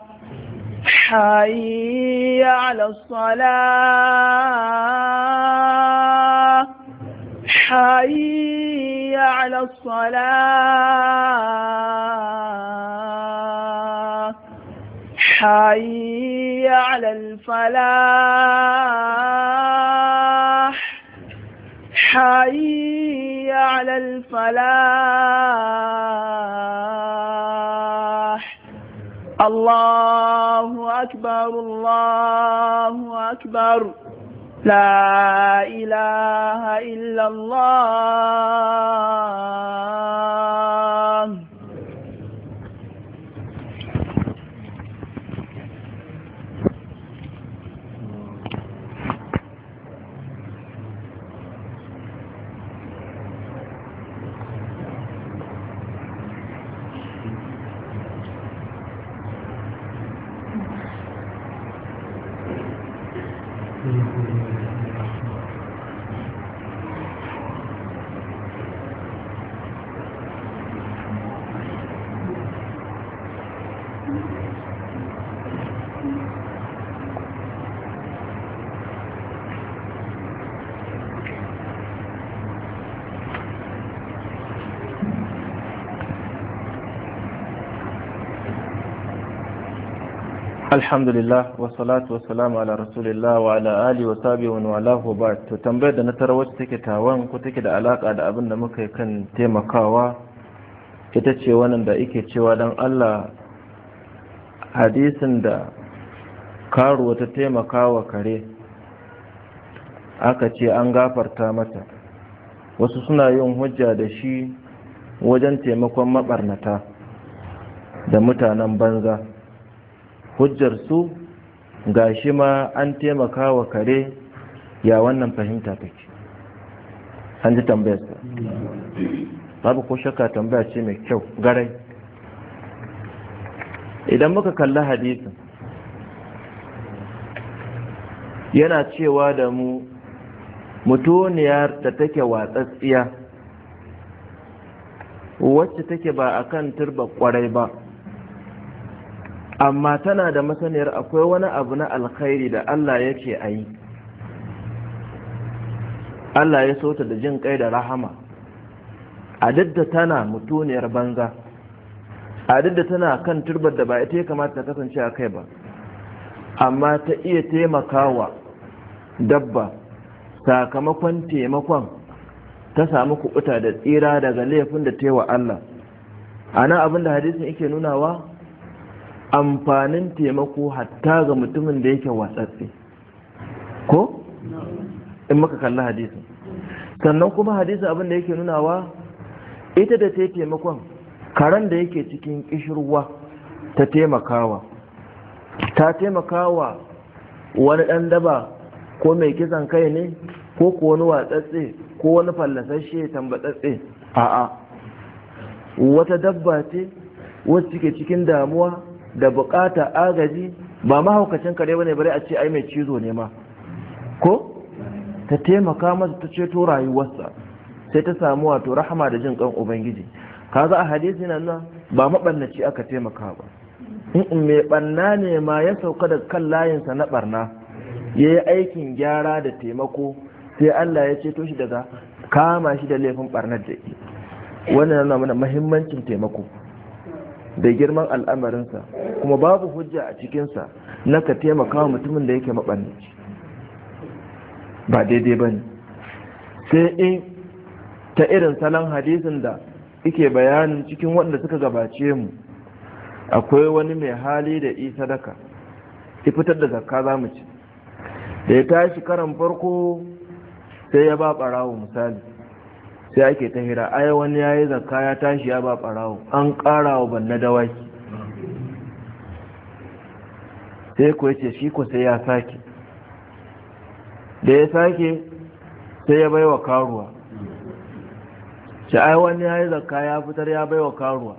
حي على الصلاة حي على الصلاة حي على الفلاح حي على الفلاح الله أكبر الله أكبر لا إله إلا الله alhamdulillah wa salatu wa ala rasulillah wa wa sabi wa wala wa ba to tambayar da na tara wacce take tawan ko take da alaka da abin da muka kan taimakawa ita ce wannan da ike cewa dan Allah hadisin da karuwa ta taimakawa kare aka ce an gafarta mata wasu suna yin hujja da shi wajen taimakon mabarnata da mutanen banza hujjar su shi ma an taimaka wa kare ya wannan fahimta take an ji tambayarsa babu ko shakka tambaya ce mai kyau garai idan muka kalli hadisi yana cewa da mu mutuniyar da take watsatsiya wacce take ba akan turba kwarai ba amma tana da masaniyar akwai wani abu na alkhairi da Allah yake a yi Allah ya sota da jin kai da rahama a duk tana mutuniyar banza a duk tana kan turbar da ba ita ya kamata ta kasance a kai ba amma ta iya taimakawa dabba sakamakon taimakon ta samu kuɓuta da tsira daga laifin da ta yi wa Allah a nan abin da hadisin yake nunawa amfanin taimako hatta ga mutumin da yake watsatse ko in muka kalli hadisi sannan kuma hadisi abin da yake nunawa ita da ta taimakon karen da yake cikin kishirwa ta taimakawa ta taimakawa wani ɗan daba ko mai kisan kai ne ko ko wani watsatse ko wani fallasashe tambatsatse a'a wata dabba ce wacce ke cikin damuwa da bukata agaji ba mahaukacin kare bane bare a ce ai mai cizo ne ma ko ta taimaka masa ta ceto rayuwarsa sai ta samu wato rahama da jin kan ubangiji kaza a hadisi nan nan ba mabannaci aka taimaka ba in mai banna ne ma ya sauka da kan layinsa na barna ya yi aikin gyara da taimako sai Allah ya ceto shi daga kama shi da laifin barnar da ke wannan yana mana mahimmancin taimako da girman al'amarinsa kuma babu hujja a cikinsa na ka taimaka wa mutumin da yake maɓanni ba daidai ba ne sai in ta irin salon hadisin da ike bayanin cikin waɗanda suka gabace mu akwai wani mai hali da isa sadaka ki fitar da zakka za mu ci da ya tashi karan farko sai ya ba ɓarawo misali sai ake ta hira ai wani ya yi zakka ya tashi ya ba ɓarawo an ƙara wa banna dawaki sai ku yace shi ku sai ya sake da ya sake sai ya baiwa karuwa ce ai wani ya yi zakka ya fitar ya baiwa karuwa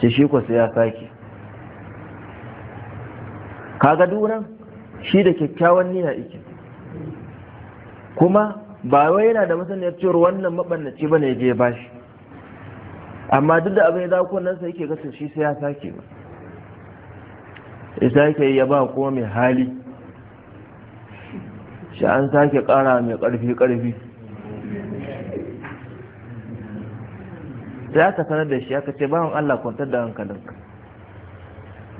ce shi ku sai ya sake kaga duran shi da kyakkyawan niyya ike kuma ba wai yana da masaniyar cewar wannan mabannaci ne je ba shi amma duk da abin ya dawo kunnen sa yake gasa shi sai ya sake ba Ya yake ya ba kuma mai hali shi an sake kara mai karfi karfi sai aka sanar da shi aka ce bawan Allah kwantar da hankalinka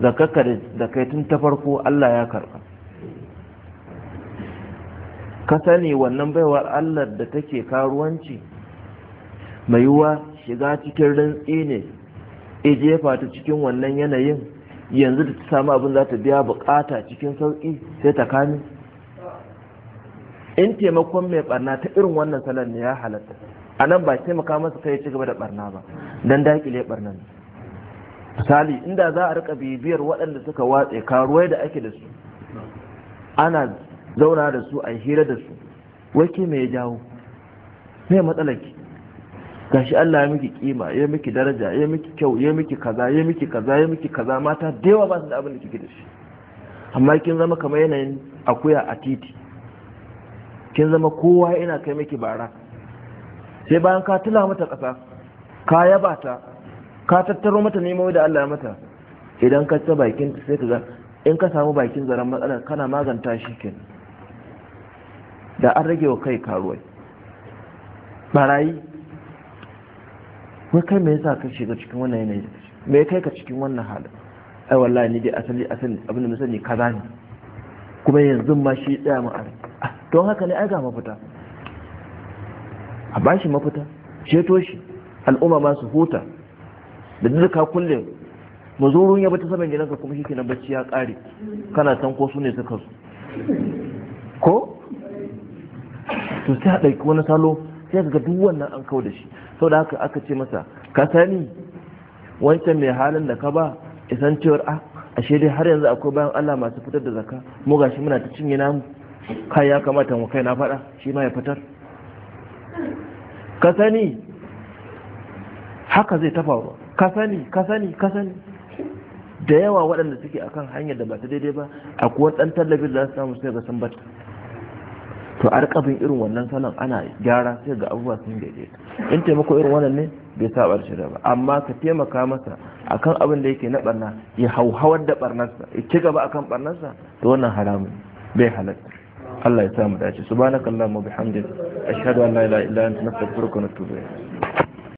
zakarka da kai tun ta farko Allah ya karba ka sani wannan baiwar allah da take karuwanci mai yiwuwa shiga cikin rantsi ne e jefa ta cikin wannan yanayin yanzu da ta samu abin za ta biya bukata cikin sauƙi sai ta kame in taimakon mai barna ta irin wannan salon ne ya halatta a nan ba taimaka masa kai ci gaba da barna ba don dakile barnan misali inda za a rika bibiyar waɗanda suka watse karuwai da ake da su ana zauna da su a hira da su wake mai jawo mai matsalaki gashi Allah ya miki kima ya miki daraja ya miki kyau ya miki kaza ya miki kaza ya miki kaza mata da yawa ba su da abin da kike da shi amma kin zama kamar yanayin akuya a titi kin zama kowa yana kai miki bara sai bayan ka tula mata ƙasa ka yaba ta ka tattaro mata nemo da Allah mata idan ka ta bakin sai ka ga in ka samu bakin zaren matsalar kana maganta shi kenan da an rage wa kai karuwai barayi wai kai me yasa ka shiga cikin wannan yanayi me kai ka cikin wannan halin ai wallahi ni dai asali asali abin da na sani kaza ne kuma yanzu ma shi tsaya mu a ah, don haka ne ai ga mafita a bashi mafita ceto shi al'umma ma su huta da duka kulle mazurun ya bata saman gidanka kuma shi kenan bacci ya kare kana san ko su ne suka su ko to sai a ɗauki wani salo sai ka ga duk wannan an kawo da shi sau da haka aka ce masa ka sani wancan mai halin da ka ba isan cewar a ah, ashe dai har yanzu akwai bayan Allah masu fitar da zaka mu gashi muna ta cinye namu kai ya kamata mu kai na faɗa shi ma ya fitar ka sani haka zai ta faru ka sani ka sani ka sani da yawa waɗanda suke akan hanyar da ba ta daidai ba akwai ɗan tallafin da za su samu sai ga sun to a rikafin irin wannan salon ana gyara sai ga abubuwa sun daidaita in taimako irin wannan ne bai sabar da ba amma ka taimaka masa akan abin da yake na barna ya hauhawar da barnarsa ya ci gaba akan barnarsa to wannan haramun bai halatta Allah ya samu dace subhanakallahumma bihamdika ashhadu an la ilaha illa anta nastaghfiruka wa na ilayk